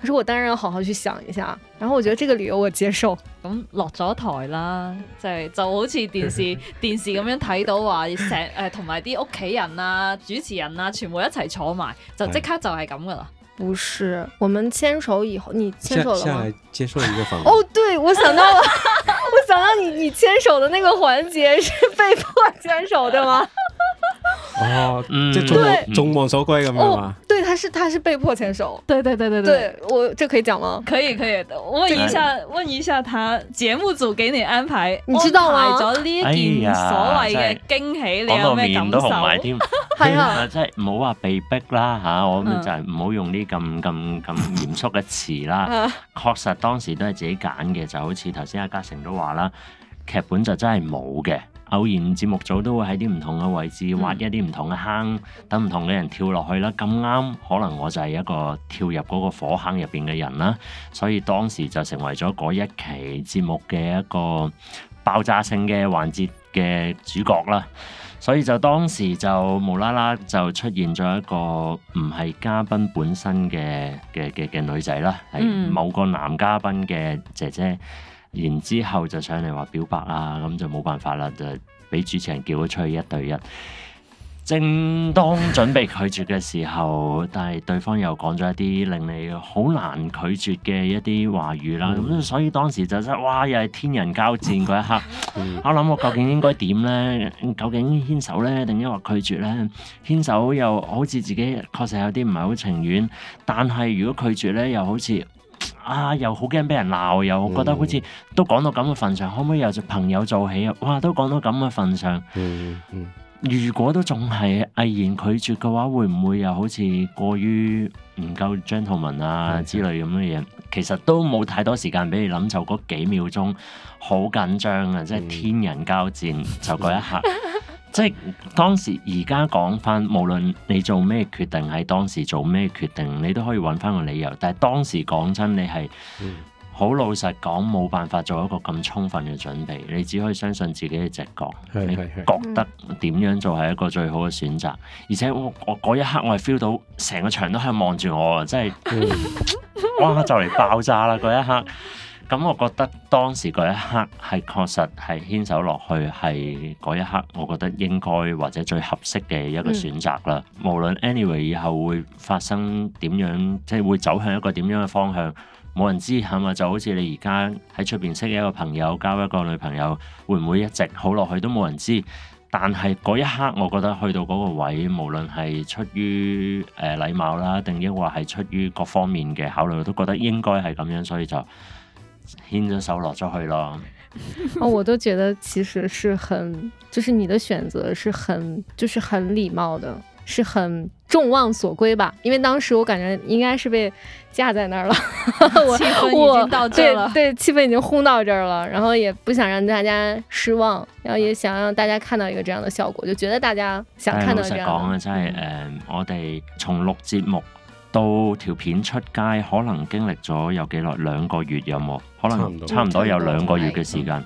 可是我當然要好好去想一下，然後我覺得這個理由我接受咁。嗯、落咗台啦，就就好似電視 電視咁樣睇到話成誒，同埋啲屋企人啊、主持人啊，全部一齊坐埋，就即、哎、刻就係咁嘅啦。不是，我們牽手以後，你牽手了嘛？接受一個環 哦，對，我想到了， 我想到你你牽手的那個環節是被迫牽手的，對嗎？哦，即係眾眾望所歸咁樣他是他是被迫牽手，對對對對對，我這可以講嗎？可以可以，問一下問一下他節目組給你安排，你知道嗎？為咗呢件所謂嘅驚喜，你有咩感受？面都紅埋添，係啊，即係唔好話被逼啦吓，我諗就係唔好用呢咁咁咁嚴肅嘅詞啦。確實當時都係自己揀嘅，就好似頭先阿嘉成都話啦，劇本就真係冇嘅。偶然節目組都會喺啲唔同嘅位置挖一啲唔同嘅坑，嗯、等唔同嘅人跳落去啦。咁啱，可能我就係一個跳入嗰個火坑入邊嘅人啦，所以當時就成為咗嗰一期節目嘅一個爆炸性嘅環節嘅主角啦。所以就當時就無啦啦就出現咗一個唔係嘉賓本身嘅嘅嘅嘅女仔啦，係某個男嘉賓嘅姐姐。嗯嗯然之後就上嚟話表白啦，咁就冇辦法啦，就俾主持人叫咗出去一對一。正當準備拒絕嘅時候，但係對方又講咗一啲令你好難拒絕嘅一啲話語啦，咁、嗯、所以當時就真哇又係天人交戰嗰一刻。嗯、我諗我究竟應該點呢？究竟牽手呢？定抑或拒絕呢？牽手又好似自己確實有啲唔係好情願，但係如果拒絕呢，又好似。啊！又好驚俾人鬧，又覺得好似都講到咁嘅份上，嗯、可唔可以由朋友做起啊？哇！都講到咁嘅份上，嗯嗯、如果都仲係毅然拒絕嘅話，會唔會又好似過於唔夠 gentleman 啊之類咁嘅嘢？嗯嗯、其實都冇太多時間俾你諗，就嗰幾秒鐘好緊張啊！即係天人交戰、嗯、就嗰一刻。 即係當時，而家講翻，無論你做咩決定，喺當時做咩決定，你都可以揾翻個理由。但係當時講真，你係好、嗯、老實講，冇辦法做一個咁充分嘅準備。你只可以相信自己嘅直覺，你覺得點樣做係一個最好嘅選擇。嗯、而且我我嗰一刻我係 feel 到成個場都係望住我啊！真係，嗯、哇！就嚟爆炸啦嗰一刻。咁我覺得當時嗰一刻係確實係牽手落去係嗰一刻，我覺得應該或者最合適嘅一個選擇啦。嗯、無論 anyway 以後會發生點樣，即係會走向一個點樣嘅方向，冇人知。係咪就好似你而家喺出邊識一個朋友，交一個女朋友，會唔會一直好落去都冇人知。但係嗰一刻，我覺得去到嗰個位，無論係出於誒、呃、禮貌啦，定抑或係出於各方面嘅考慮，都覺得應該係咁樣，所以就。牽咗手落咗去咯， 哦，我都覺得其實是很，就是你的選擇是很，就是很禮貌的，是很眾望所歸吧。因為當時我感覺應該是被架在那了，氣 氛我 已經到這了，對對，氣氛已經轟到這了，然後也不想讓大家失望，然後也想讓大家看到一個這樣的效果，就覺得大家想看到這樣。講嘅真係誒，我哋重錄節目。到條片出街，可能經歷咗有幾耐，兩個月有冇？可能差唔多有兩個月嘅時間。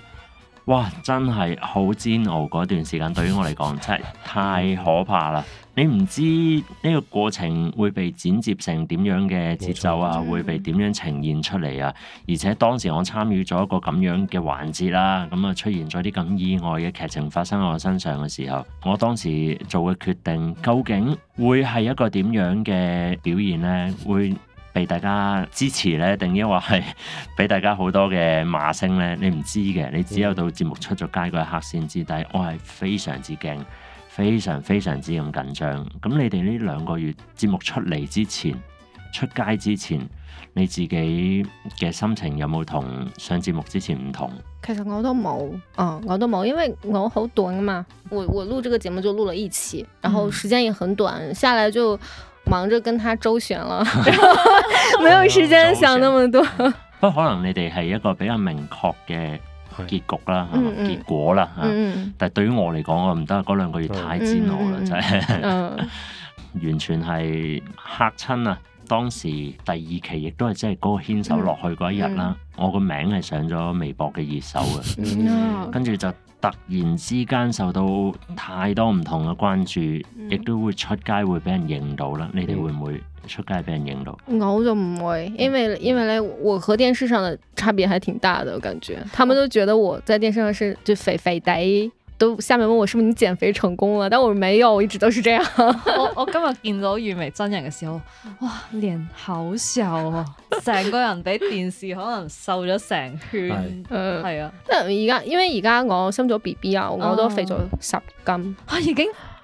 嘩！真係好煎熬嗰段時間，對於我嚟講真係太可怕啦。你唔知呢個過程會被剪接成點樣嘅節奏，冇錯，啊，會被點樣呈現出嚟啊？而且當時我參與咗一個咁樣嘅環節啦，咁啊出現咗啲咁意外嘅劇情發生喺我身上嘅時候，我當時做嘅決定究竟會係一個點樣嘅表現呢？會被大家支持呢？定抑或係俾大家好多嘅罵聲呢？你唔知嘅，你只有到節目出咗街嗰一刻先知。但係我係非常之驚。非常非常之咁緊張。咁你哋呢兩個月節目出嚟之前，出街之前，你自己嘅心情有冇同上節目之前唔同？其實我都冇，哦，啊，我都冇，因為我好短啊嘛。我我錄這個節目就錄了一期，然後時間也很短，下來就忙着跟他周旋了， 然後沒有時間想那麼多。 不過可能你哋係一個比較明確嘅結局啦，結果啦，但係對於我嚟講，我唔得嗰兩個月太煎熬啦，真係完全係嚇親啊！當時第二期亦都係即係嗰個牽手落去嗰一日啦，我個名係上咗微博嘅熱搜嘅，跟住就突然之間受到太多唔同嘅關注，亦都會出街會俾人認到啦。你哋會唔會？去改變型咯，我就唔會，因為因為咧，我和電視上嘅差別還挺大的，我感覺。他們都覺得我在電視上是就肥肥哋，都下面問我，是不是你減肥成功了？但我沒有，我一直都是這樣。 我我今日見到雨薇真人嘅時候，哇，臉好瘦啊，成個人比電視可能瘦咗成圈，係啊。即係而家，因為而家我生咗 B B 啊，我都肥咗十斤，啊已經。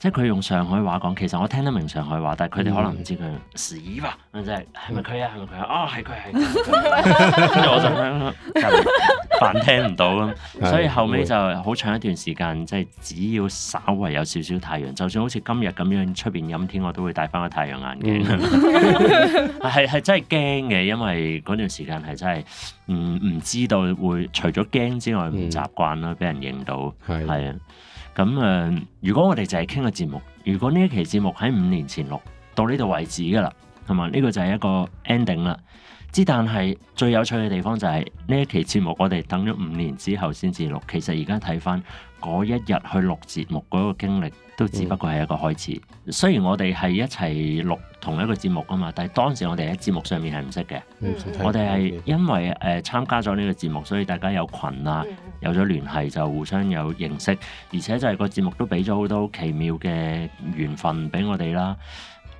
即係佢用上海話講，其實我聽得明上海話，但係佢哋可能唔知佢屎吧，即係係咪佢啊？係咪佢啊？哦，係佢係，跟 住 我就就扮聽唔到咯。所以後尾就好長一段時間，即係只要稍為有少少太陽，就算好似今日咁樣出邊陰天，我都會戴翻個太陽眼鏡。係係、嗯、 真係驚嘅，因為嗰段時間係真係唔唔知道會除咗驚之外，唔習慣啦，俾人認到係啊。嗯的咁誒、嗯，如果我哋就係傾個節目，如果呢一期節目喺五年前錄到呢度為止㗎啦，係嘛？呢、這個就係一個 ending 啦。之，但係最有趣嘅地方就係、是、呢一期節目，我哋等咗五年之後先至錄。其實而家睇翻嗰一日去錄節目嗰個經歷，都只不過係一個開始。嗯、雖然我哋係一齊錄同一個節目㗎嘛，但係當時我哋喺節目上面係唔識嘅。嗯、我哋係因為誒參、呃、加咗呢個節目，所以大家有群啊，有咗聯繫就互相有認識，而且就係個節目都俾咗好多奇妙嘅緣分俾我哋啦。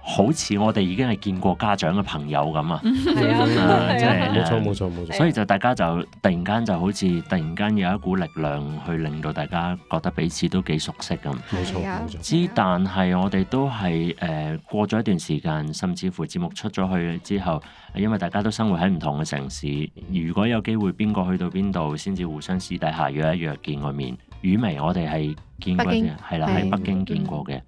好似我哋已經係見過家長嘅朋友咁啊，係冇錯冇錯冇錯。所以就大家就突然間就好似突然間有一股力量去令到大家覺得彼此都幾熟悉咁。冇錯冇錯。之錯但係我哋都係誒、呃、過咗一段時間，甚至乎節目出咗去之後，因為大家都生活喺唔同嘅城市，如果有機會邊個去到邊度，先至互相私底下約一約見個面。雨薇我哋係見過嘅，係啦，喺北京見過嘅。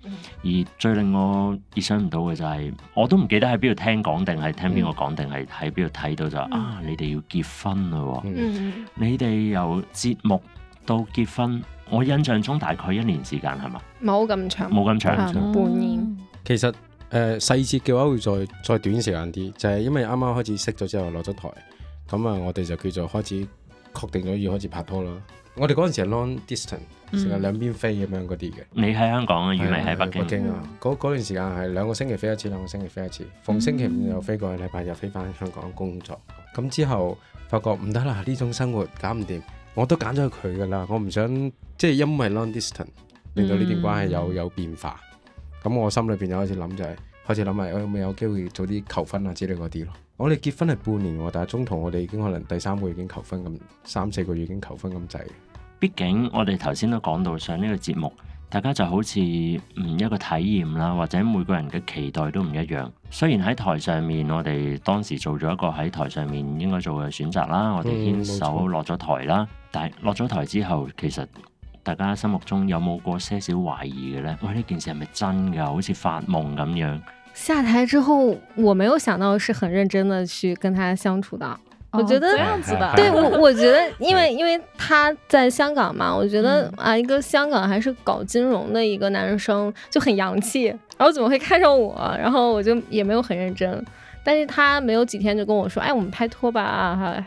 而最令我意想唔到嘅就係，我都唔記得喺邊度聽講定係聽邊個講定係喺邊度睇到就啊，你哋要結婚嘞喎！你哋由節目到結婚，我印象中大概一年時間係嘛？冇咁長，冇咁長，半年。其實誒細節嘅話會再再短時間啲，就係因為啱啱開始識咗之後落咗台，咁啊我哋就叫做開始確定咗要開始拍拖啦。我哋嗰陣時係 long distance，成日兩邊飛咁樣嗰啲嘅。你喺香港啊，原來喺北京啊。嗰嗰段時間係兩個星期飛一次，兩個星期飛一次，逢星期五又飛過去禮拜日又飛返香港工作。咁之後發覺唔得啦，呢種生活搞唔掂，我都揀咗佢㗎啦。我唔想即係因為 long distance 令到呢段關係有有變化。咁我心裏邊又開始諗就係。開始諗埋，我有冇有機會早啲求婚啊？之類嗰啲咯。我哋結婚係半年喎，但係中途我哋已經可能第三個月已經求婚咁，三四個月已經求婚咁滯。畢竟我哋頭先都講到上呢個節目，大家就好似唔一個體驗啦，或者每個人嘅期待都唔一樣。雖然喺台上面，我哋當時做咗一個喺台上面應該做嘅選擇啦，我哋牽手落咗台啦，嗯，但係落咗台之後，其實。大家心目中有冇過些少懷疑的呢？喂，呢件事係咪真噶？好似發夢咁樣。下台之後，我沒有想到是很認真的去跟他相處的。哦，我覺得這樣子的， 對我我覺得，因為因為他在香港嘛，我覺得對啊，一個香港還是搞金融的一個男生，就很洋氣，然後怎麼會看上我？然後我就也沒有很認真，但是他沒有幾天就跟我說，哎，我們拍拖吧啊。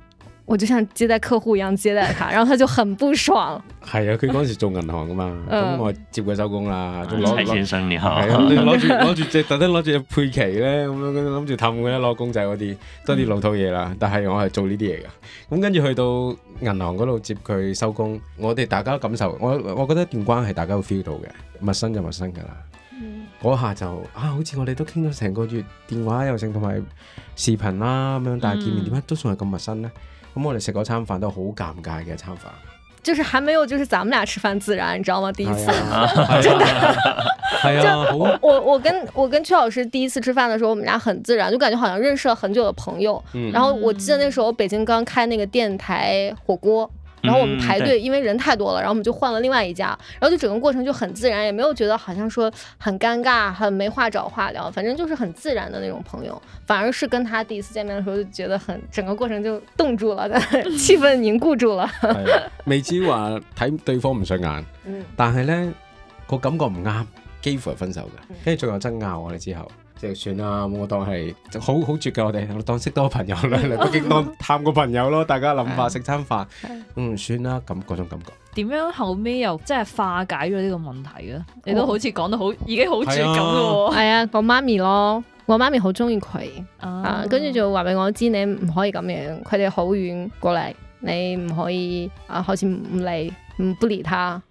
我就像接待客戶一樣接待佢， 然後他就很不爽。係 啊，佢嗰陣時做銀行噶嘛，咁、 嗯、我接佢收工啦。蔡、啊、先生你好，你攞住攞住隻特登攞住隻佩奇咧，咁樣諗住氹佢啦，攞公仔嗰啲多啲老套嘢啦。但係我係做呢啲嘢噶，咁跟住去到銀行嗰度接佢收工，我哋大家都感受，我我覺得一段關係大家會 feel 到嘅，陌生就陌生噶啦。嗰、嗯、下就啊，好似我哋都傾咗成個月電話又成同埋視頻啦咁樣，但係見面點解都仲係咁陌生呢？嗯咁我哋食嗰餐飯都好尷尬嘅餐飯。就是還沒有，就是咱們兩吃飯自然，你知道嗎？第一次，哎、呀 真的、哎、呀 就、哎、我我跟我跟曲老師第一次吃飯的時候，我們兩很自然，就感覺好像認識了很久的朋友。嗯、然後我記得那時候、嗯、北京剛開那個電台火鍋。然後我們排隊，嗯、因為人太多了，然後我們就換了另外一家，然後就整個過程就很自然，也沒有覺得好像說很尷尬，很沒話找話聊，反正就是很自然的那種朋友。反而是跟他第一次見面的時候，就覺得很整個過程就凍住了，但氣氛凝固住了。哎呀、嗯，未至於話睇 對方唔順眼，嗯、但是呢、那個感覺唔啱，幾乎係分手噶，跟住最後爭拗我哋之後。就算啦，我當係好好絕噶，我哋當識多個朋友啦，嚟北京當探個朋友咯。大家諗法，食餐飯， 嗯，算啦，咁嗰種感覺。點樣後屘又即係化解咗呢個問題咧？哦、你都好似講得好，已經好絕咁咯。係啊，我媽咪咯，我媽咪好中意佢啊，跟住就話俾我知，你唔可以咁樣。佢哋好遠過嚟，你唔可以啊，好似唔理唔不，不理他。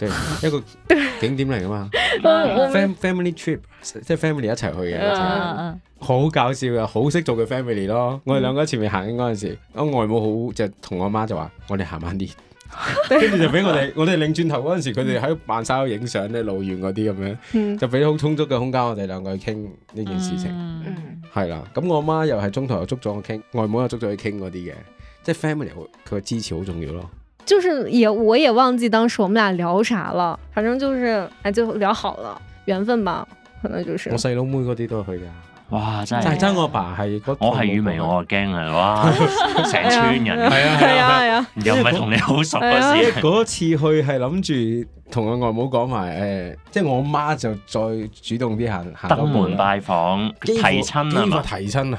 一個景點嚟噶嘛 Fam,family trip 即係 family 一齊去嘅，好 搞笑嘅，好識做嘅 family 咯。嗯、我哋兩個喺前面行嗰陣時，我外母好媽就同我媽就話：我哋行慢啲，跟 住就俾我哋， 我哋擰轉頭嗰陣時，佢哋喺度扮晒影相咧，路遠嗰啲咁樣，嗯、就俾好充足嘅空間我哋兩個去傾呢件事情。係啦、嗯，咁我阿媽又係中途又捉咗我傾，外母又捉咗去傾嗰啲嘅，即係 family 佢嘅支持好重要咯。就是，也我也忘記當時我們倆聊啥了，反正就是，哎，就聊好了，緣分吧，可能就是。我細佬妹嗰啲都去噶，哇，真係。真我阿爸係，我係雨薇，我啊驚啊，哇，成村人。係啊係啊係啊。又唔係同你好熟嗰時，嗰次去係諗住同個外母講埋，誒，即係我媽就再主動啲行。登門拜訪，提親啊嘛。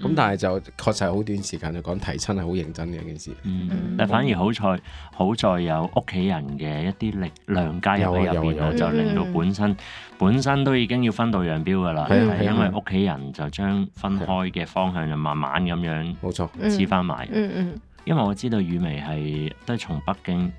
咁但係就確實好短時間就講提親，係好認真嘅一件事。嗯，但反而好在、嗯、好在好有屋企人嘅一啲力量加入喺入邊，啊啊啊、就令到本身、嗯、本身都已經要分道揚鑣噶啦。係因為屋企人就將分開嘅方向就慢慢咁樣，冇錯，黐翻埋。嗯嗯，嗯嗯因為我知道雨薇係都係從北京。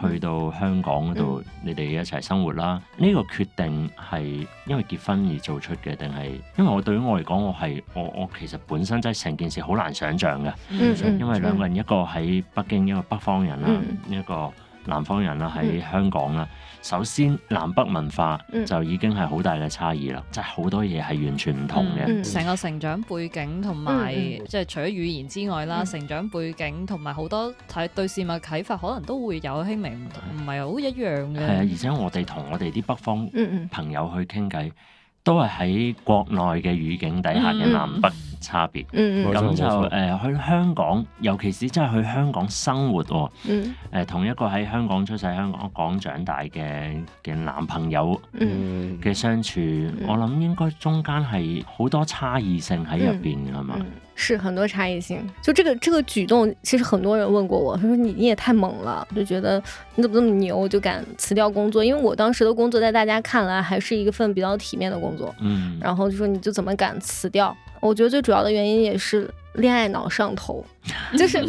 去到香港嗰度，嗯、你哋一齊生活啦。呢、這個決定係因為結婚而做出嘅，定係因為我對於我嚟講，我係我我其實本身真係成件事好難想象嘅，嗯嗯、因為兩個人一個喺北京，嗯、一個北方人啦，嗯、一個南方人啦，喺、嗯、香港啦。嗯嗯首先南北文化就已經係好大嘅差異啦，嗯、即係好多嘢係完全唔同嘅。成、嗯嗯、個成長背景同埋、嗯嗯、即係除咗語言之外啦，嗯、成長背景同埋好多睇對事物嘅啟發可能都會有輕微唔同，唔係好一樣嘅。係啊，而且我哋同我哋啲北方朋友去傾偈，嗯嗯、都係喺國內嘅語境底下嘅南北。嗯嗯差別，咁就誒去香港，尤其是真係去香港生活、哦，誒、嗯呃、同一個喺香港出世、香港長大嘅嘅男朋友，嘅相處，嗯、我諗應該中間係好多差異性喺入邊㗎嘛？是很多差異性，就這個這個舉動，其實很多人問過我，佢說你你也太猛了，就覺得你怎麼這麼牛，就敢辭掉工作？因為我當時的工作，在大家看來，還是一份比較體面的工作，嗯，然後就說你就怎麼敢辭掉？我覺得最主要的原因也是戀愛腦上頭，就是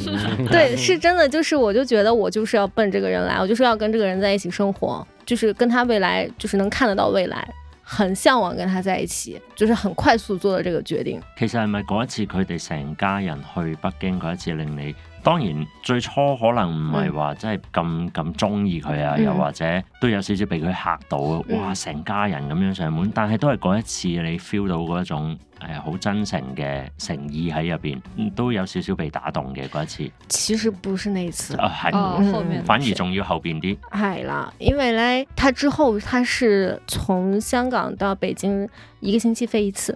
對，是真的，就是我就覺得我就是要奔這個人來，我就是要跟這個人在一起生活，就是跟他未來就是能看得到未來，很向往跟他在一起，就是很快速做的這個決定。其實係咪嗰一次，佢哋成家人去北京嗰一次令你？當然，最初可能唔係話真係咁咁中意佢啊，又、嗯、或者都有少少被佢嚇到，嗯、哇！成家人咁樣上門，但係都係嗰一次你 feel 到嗰種誒好真誠嘅誠意喺入邊，都有少少被打動嘅嗰一次。其實不是那一次啊，係 是，哦、反而仲要後邊啲。係啦，因為咧，他之後他是從香港到北京一個星期飛一次。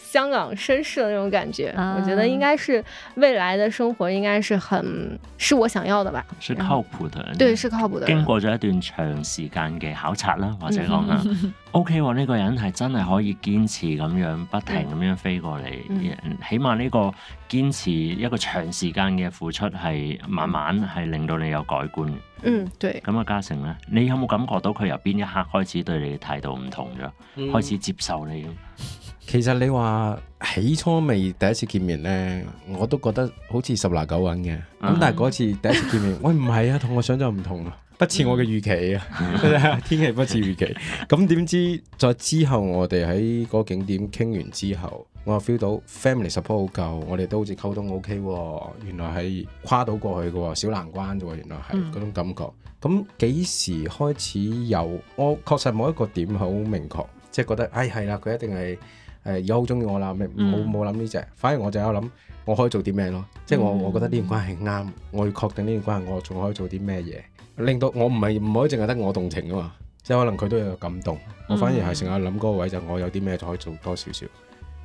香港紳士的那種感覺，啊、我覺得應該是未來的生活，應該是很是我想要的吧？是靠譜的，嗯，對，是靠譜的。經過咗一段長時間嘅考察啦，或者講啦，嗯、 ，OK，呢個人係真係可以堅持咁樣，不停咁樣飛過嚟，嗯，起碼呢個堅持一個長時間嘅付出係慢慢係令到你有改觀。嗯，對。咁啊，嘉誠呢，你有冇感覺到佢由邊一刻開始對你嘅態度唔同咗，開始接受你？嗯其實你話起初未第一次見面呢，我都覺得好似十拿九穩嘅。咁、uh huh. 但係嗰次第一次見面，喂，唔係啊，同我想象唔同啊，不似我嘅預期啊，mm. 天氣不似預期。咁點 知再之後我哋喺嗰景點傾完之後，我又 feel 到 family support 好夠，我哋都好似溝通 OK 喎、哦。原來係跨到過去嘅喎，小難關啫喎。原來係嗰種感覺。咁幾、mm. 時開始有？我確實冇一個點好明確，即、就、係、是、覺得，哎係啦，佢一定係。誒，而家好中意我啦，咪冇冇諗呢隻，反而我就有諗，我可以做啲咩咯？即係我我覺得呢段關係啱，我要確定呢段關係，我仲可以做啲咩嘢，令到我唔係唔可以淨係得我動情噶嘛？即係可能佢都有個感動，我反而係成日諗嗰個位，就我有啲咩就可以做多少少。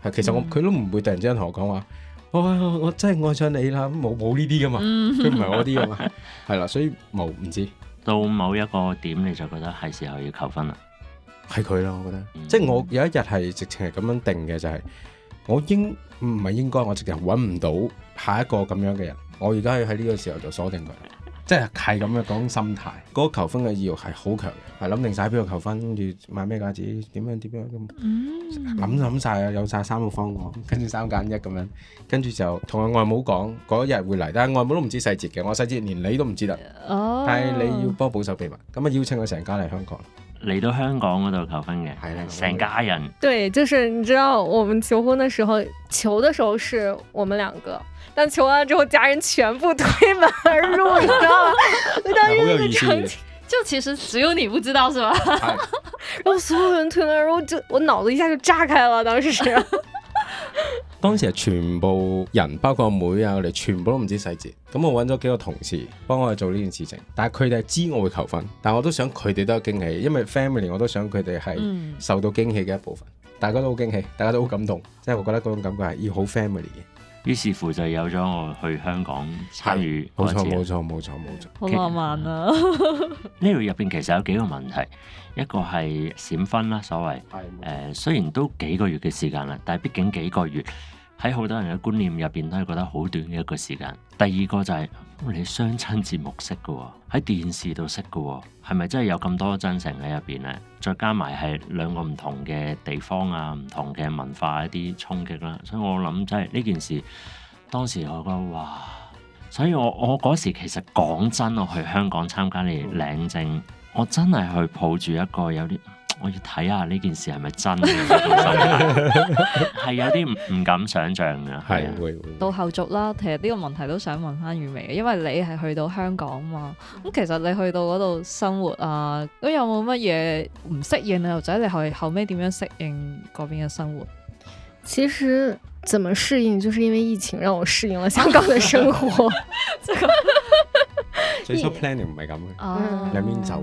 係，其實我佢都唔會突然之間同我講話、哎，我真係愛上你啦，冇冇呢啲噶嘛？佢唔係我啲噶嘛？係啦，所以冇，唔知到某一個點你就覺得係時候要求婚啦。係佢咯，我覺得，mm hmm. 即係我有一日係直情係咁樣定嘅，就係、是、我應唔係應該，我直情搵唔到下一個咁樣嘅人，我而家喺呢個時候就鎖定佢，即係係咁樣講心態，嗰、那個求婚嘅意欲係好強嘅，係諗定晒邊個求婚，跟住買咩戒指，點樣點樣咁，諗諗晒啊，有晒三個方案，跟住三揀一咁樣，跟住就同我外母講，嗰、那、一、個、日會嚟，但係外母都唔知細節嘅，我細節連你都唔知得，oh. 但係你要幫我保守秘密，咁啊邀請佢成家嚟香港。嚟到香港嗰度求婚嘅，係啦，成 對家人。對，就是你知道，我們求婚的時候，求的時候是我們兩個，但求完之後，家人全部推門而入， 你知道嗎？ 就其實只有你不知道，是吧？然後所有人推門而入，就我腦子一下就炸開了，當時。 當時係全部人，包括阿妹啊，我哋全部都唔知細節。咁我揾咗幾個同事幫我去做呢件事情，但係佢哋係知我會求婚，但係我都想佢哋都有驚喜，因為 family，我都想佢哋係受到驚喜嘅一部分。大家都好驚喜，大家都好感動，即係我覺得嗰種感覺係要好 family。於是乎就有咗我去香港參與。冇錯冇錯冇錯冇錯。錯錯錯 okay, 好浪漫啊！呢度入邊其實有幾個問題，一個係閃婚啦，所謂誒、 呃、雖然都幾個月嘅時間啦，但係畢竟幾個月喺好多人嘅觀念入面，都係覺得好短嘅一個時間。第二個就係、是。你相親節目識噶喎，喺電視度識噶喎，係咪真係有咁多真誠喺入邊呢？再加埋係兩個唔同嘅地方啊，唔同嘅文化啊，一啲衝擊啦。所以我諗真係呢件事，當時我覺得哇，所以我我嗰時其實講真，我去香港參加你領證，我真係去抱住一個有啲。我要睇下呢件事係咪真？係 有啲唔唔敢想象嘅，係 對啊。會會到後續啦，其實呢個問題都想問翻雨薇，因為你係去到香港嘛，咁其實你去到嗰度生活啊，咁有冇乜嘢唔適應啊？或者你後後尾點樣適應嗰邊嘅生活？其實，怎麼適應，就是因為疫情讓我適應了香港嘅生活。最初 planning 唔係咁嘅，兩邊走。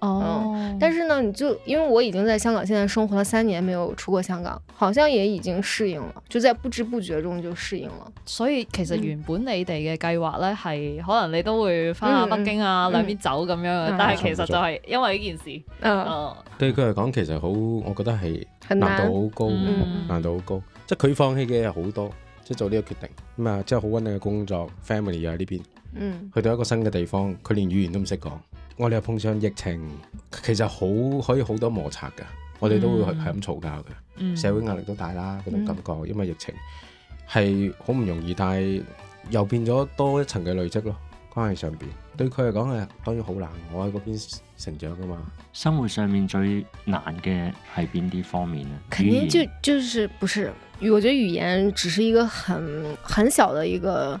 哦，oh, 但是呢，你就因為我已經在香港，現在生活了三年，沒有出過香港，好像也已經適應了，就在不知不覺中就適應了。所以其實原本你哋嘅計劃呢，係，嗯、可能你都會翻下北京啊，嗯、兩邊走咁樣。嗯、但係其實就係因為呢件事，嗯嗯、對佢嚟講，其實好，我覺得係難度好高，難，嗯、難度好高。即係佢放棄嘅嘢好多，即係做呢個決定，咁啊，即係好穩定嘅工作，family 又喺呢邊，嗯、去到一個新嘅地方，佢連語言都唔識講。我哋又碰上疫情，其實好可以好多摩擦噶，我哋都會係咁嘈交噶。嗯、社會壓力都大啦，嗰種感覺，嗯、因為疫情係好唔容易，但係又變咗多一層嘅累積咯。關係上邊，對佢嚟講係當然好難。我喺嗰邊成長噶嘛，生活上面最難嘅係邊啲方面咧？肯定就就是不是？我覺得語言只是一個很很小的一個。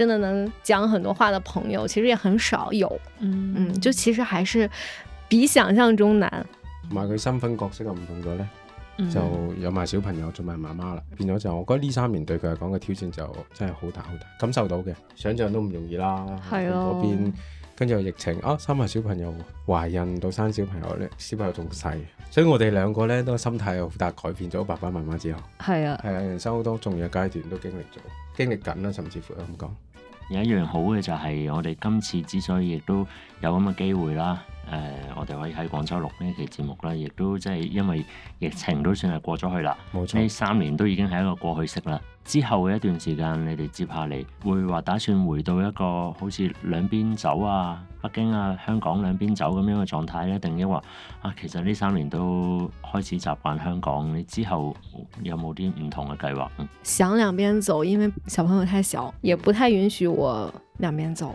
真的能講很多話的朋友，其實也很少有。嗯嗯，就其實還是比想象中難。同埋佢身份角色又唔同咗咧，嗯、就有埋小朋友，做埋媽媽啦，變咗就我覺得呢三年對佢嚟講嘅挑戰就真係好大好大。感受到嘅，想象都唔容易啦。係咯、哦，變跟住有疫情，啊，生埋小朋友，懷孕到生小朋友咧，小朋友仲細，所以我哋兩個咧都心態又大改變咗。爸爸媽媽之後，係啊，係啊，人生好多重要嘅階段都經歷咗，經歷緊啦，甚至乎咁講。有一樣好嘅就係，我哋今次之所以亦都有咁嘅機會啦。誒、呃，我哋可以喺廣州錄呢期節目啦，亦都即係因為疫情都算係過咗去啦，冇錯。呢三年都已經係一個過去式啦。之後嘅一段時間，你哋接下嚟會話打算回到一個好似兩邊走啊，北京啊、香港兩邊走咁樣嘅狀態咧，定係話啊，其實呢三年都開始習慣香港，你之後有冇啲唔同嘅計劃咧？想兩邊走，因為小朋友太小，也不太允許我兩邊走。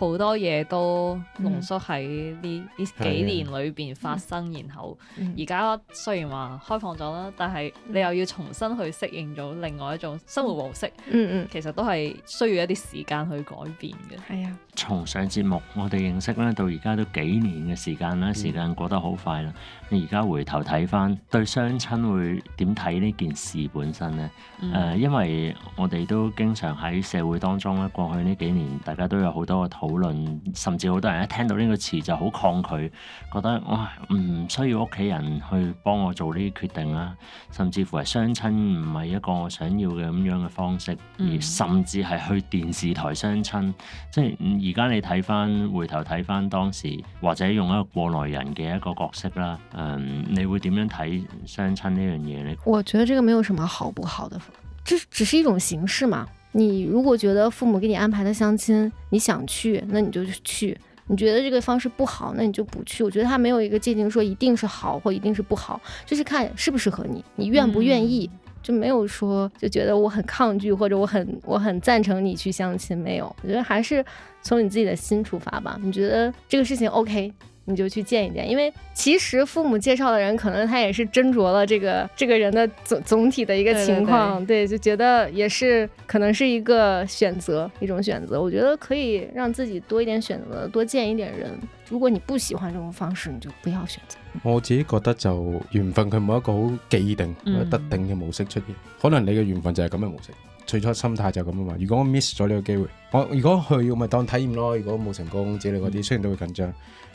好多嘢都濃縮喺呢呢幾年裏邊發生，嗯、然後而家雖然話開放咗啦，嗯、但係你又要重新去適應咗另外一種生活模式，嗯嗯，嗯其實都係需要一啲時間去改變嘅。係啊、嗯，嗯、從上節目我哋認識咧，到而家都幾年嘅時間啦，時間過得好快啦。而家回頭睇翻對相親會點睇呢件事本身呢？誒、嗯呃，因為我哋都經常喺社會當中咧，過去呢幾年大家都有好多嘅討論，甚至好多人一聽到呢個詞就好抗拒，覺得哇唔需要屋企人去幫我做呢啲決定啦，甚至乎係相親唔係一個我想要嘅咁樣嘅方式，而甚至係去電視台相親，嗯、即係而家你睇翻回，回頭睇翻當時，或者用一個過來人嘅一個角色啦。嗯，你會點樣睇相親呢樣嘢呢？我覺得這個沒有什麼好不好的，這只是一種形式嘛。你如果覺得父母給你安排的相親，你想去，那你就去；你覺得這個方式不好，那你就不去。我覺得他沒有一個界定，說一定是好或一定是不好，就是看適不適合你，你願不願意，嗯、就沒有說就覺得我很抗拒或者我很我很讚成你去相親。沒有，我覺得還是從你自己的心出發吧。你覺得這個事情 OK？你就去見一見，因為其實父母介紹的人，可能他也是斟酌了這個這個人的總總體的一個情況，對，對，對，對，就覺得也是可能是一個選擇，一種選擇。我覺得可以讓自己多一點選擇，多見一點人。如果你不喜歡這種方式，你就不要選擇。我自己覺得就緣分佢冇一個好既定，特，嗯、定嘅模式出現，可能你嘅緣分就係咁嘅模式。最初心態就咁啊嘛。如果我 miss 咗呢個機會，我如果去我咪當體驗咯。如果冇成功之類嗰啲，嗯、雖然都會緊張。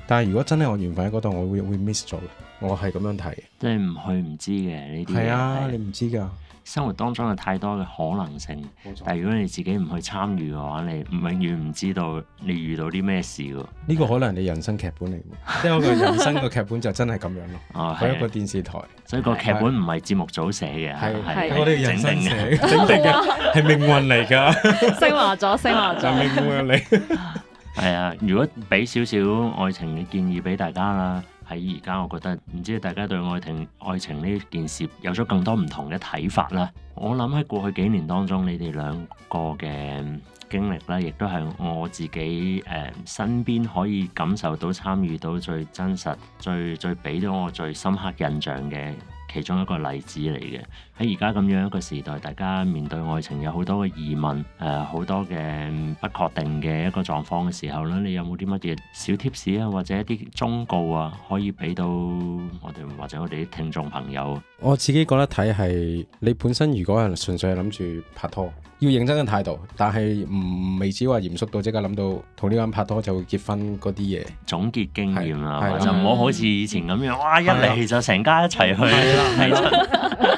但係如果真係我緣分喺嗰度，我會會 miss 咗，我係咁樣睇，你唔去唔知嘅，呢啲係啊，你唔知噶。生活當中有太多嘅可能性，但係如果你自己唔去參與嘅話，你永遠唔知道你遇到啲咩事嘅。呢個可能係你人生劇本嚟嘅，即係我嘅人生嘅劇本就真係咁樣咯。哦，係一個電視台，所以個劇本唔係節目組寫嘅，係我哋人生寫，整定嘅整定嘅係命運嚟噶，升華咗，升華咗，命運係啊，如果俾少少愛情嘅建議俾大家啦，喺而家我覺得唔知大家對愛情愛情呢件事有咗更多唔同嘅睇法啦。我諗喺過去幾年當中，你哋兩個嘅經歷咧，亦都係我自己誒身邊可以感受到參與到最真實、最最俾到我最深刻印象嘅。其中一個例子嚟嘅，喺而家咁樣一個時代，大家面對愛情有好多嘅疑問，誒、呃、好多嘅不確定嘅一個狀況嘅時候咧，你有冇啲乜嘢小 tips 啊，或者一啲忠告啊，可以俾到我哋或者我哋啲聽眾朋友？我自己覺得睇係你本身，如果係純粹係諗住拍拖。要認真嘅態度，但係唔未至於話嚴肅到即刻諗到同呢個人拍拖就結婚嗰啲嘢。總結經驗啦，啊、就唔好好似以前咁樣，啊、哇一嚟就成家一齊去。係啦、啊，係啦、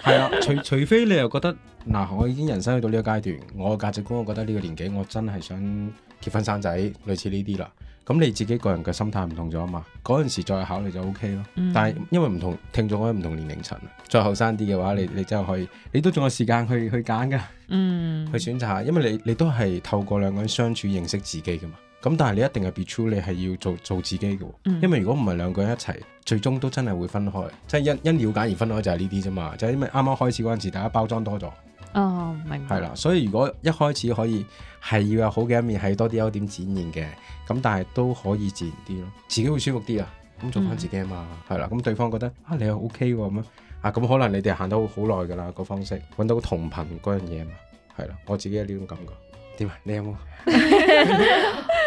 啊啊 啊。除除非你又覺得嗱、啊，我已經人生去到呢個階段，我價值觀，我覺得呢個年紀，我真係想結婚生仔，類似呢啲啦。咁你自己個人嘅心態唔同咗嘛，嗰陣時候再考慮就 OK 咯。但係因為唔同聽眾，我哋唔同年齡層，再後生啲嘅話，你你真係可以，你都仲有時間去去揀噶，嗯、去選擇。因為你，你都係透過兩個人相處認識自己噶嘛。咁但係你一定係 be true，你係要做，做自己嘅、啊。因為如果唔係兩個人一齊，最終都真係會分開，即、就、係、是、因因瞭、嗯、解而分開就係呢啲啫嘛。就係、是、因為啱啱開始嗰時，大家包裝多咗。哦，明係啦，所以如果一開始可以係要有好嘅一面，係多啲優點展現嘅，咁但係都可以自然啲咯，自己會舒服啲啊，咁做翻自己啊嘛，係啦、嗯，咁對方覺得啊你又 OK 喎，咁啊咁可能你哋行得好耐噶啦，個方式搵到同頻嗰樣嘢嘛，係咯，我自己有呢種感覺，點啊，你有冇？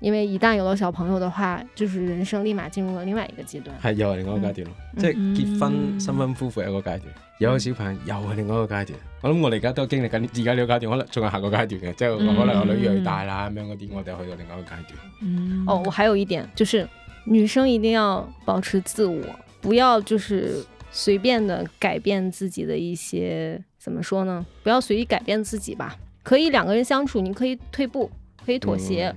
因為一旦有了小朋友的話，就是人生立馬進入了另外一個階段，是有個階段。係又係另外一個階段咯，即係結婚、新婚、嗯、夫婦一個階段，嗯、有小朋友又係另外一個階段。嗯、我諗我哋而家都經歷緊而家呢個階段，可能仲係下個階段嘅，即係可能我女越來越大啦，咁、嗯、樣嗰啲我哋去到另外一個階段。嗯，哦，oh, 我還有一點就是，女生一定要保持自我，不要就是隨便的改變自己的一些怎麼說呢？不要隨意改變自己吧。可以兩個人相處，你可以退步，可以妥協。嗯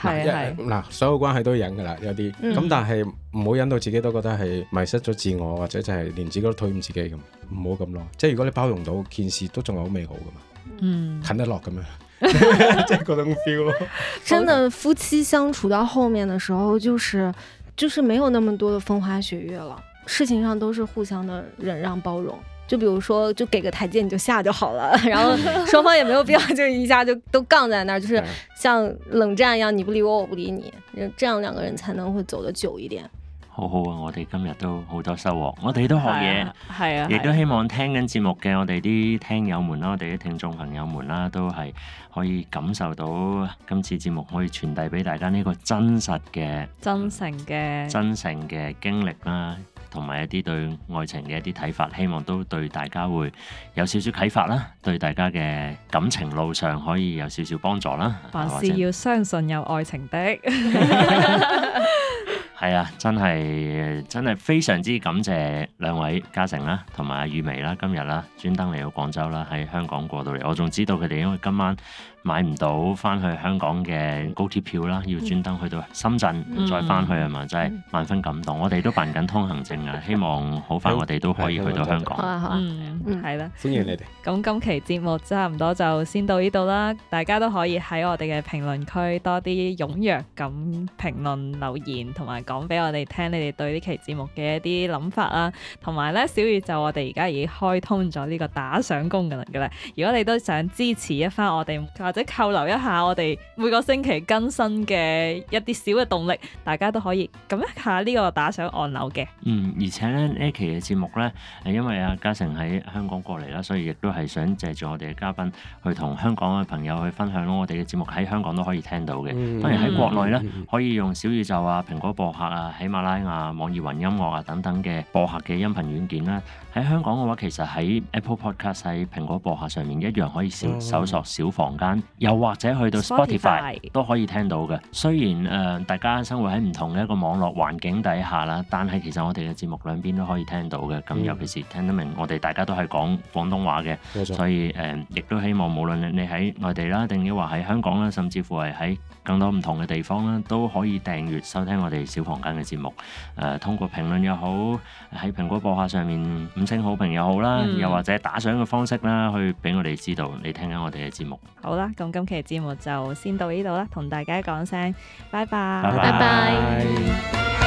係，嗱， 所有關係都忍噶啦，有啲，咁、嗯、但係唔好忍到自己都覺得係迷失咗自我，或者就係連自己都討厭自己咁，唔好咁咯。即係如果你包容到，件事都仲係好美好噶嘛，嗯、近得落咁樣，即係嗰種 feel 咯。真的，夫妻相處到後面的時候，就是就是沒有那麼多的風花雪月了，事情上都是互相的忍讓包容。就比如說，就給個台階你就下就好了，然後雙方也沒有必要就一下就都槓在那，就是像冷戰一樣，你不理我，我不理你，這樣兩個人才能會走得久一點。好好啊，我哋今日都好多收穫，我哋都學嘢，係啊，亦、啊、都希望聽緊節目嘅我哋啲聽友們啦，我哋啲聽眾朋友們啦，都係可以感受到今次節目可以傳遞俾大家呢個真實嘅、真誠嘅、真誠嘅經歷啦。同埋一啲對愛情嘅一啲睇法，希望都對大家會有少少啟發啦，對大家嘅感情路上可以有少少幫助啦。凡事要相信有愛情的。 係啊，真係真係非常之感謝兩位嘉成啦，同埋阿雨薇啦，今日啦專登嚟到廣州啦，啊，喺香港過到嚟。我仲知道佢哋因為今晚買唔到翻去香港嘅高鐵票啦，啊，要專登去到深圳再翻去啊嘛。嗯、係咪真係萬分感動。嗯、我哋都辦緊通行證啊， 希望好快我哋都可以去到香港。 嗯，係啦，歡迎你哋。咁今期節目差唔多就先到呢度啦，大家都可以喺我哋嘅評論區多啲踴躍咁評論留言同埋，講俾我哋聽你、啊，你哋對呢期節目嘅一啲諗法啦，同埋咧小宇宙。我哋而家已經開通咗呢個打賞功能嘅啦。如果你都想支持一翻我哋，或者扣留一下我哋每個星期更新嘅一啲小嘅動力，大家都可以撳一下呢個打賞按鈕嘅。嗯，而且呢一期嘅節目咧，因為阿嘉誠喺香港過嚟啦，所以亦都係想借住我哋嘅嘉賓去同香港嘅朋友去分享咯。我哋嘅節目喺香港都可以聽到嘅。嗯、當然喺國內咧、嗯嗯、可以用小宇宙啊、蘋果播。啊，喜馬拉雅、網易雲音樂啊等等嘅播客嘅音頻軟件啦，喺香港嘅話，其實喺 Apple Podcast 喺蘋果播客上面一樣可以搜搜索小房間，嗯、又或者去到 Spotify，Spotify 都可以聽到嘅。雖然誒、呃、大家生活喺唔同嘅一個網絡環境底下啦，但係其實我哋嘅節目兩邊都可以聽到嘅。咁、嗯、尤其是聽得明我哋大家都係講廣東話嘅，嗯、所以誒、呃、亦都希望無論你喺內地啦，定亦話喺香港啦，甚至乎係喺更多唔同嘅地方啦，都可以訂閱收聽我哋小。房間嘅節目，誒，通過評論又好，喺蘋果播客上面五星好評又好啦，嗯，又或者打賞嘅方式啦，去俾我哋知道你聽緊我哋嘅節目。好啦，咁今期節目就先到呢度啦，同大家講聲拜拜，拜拜。Bye bye, bye bye.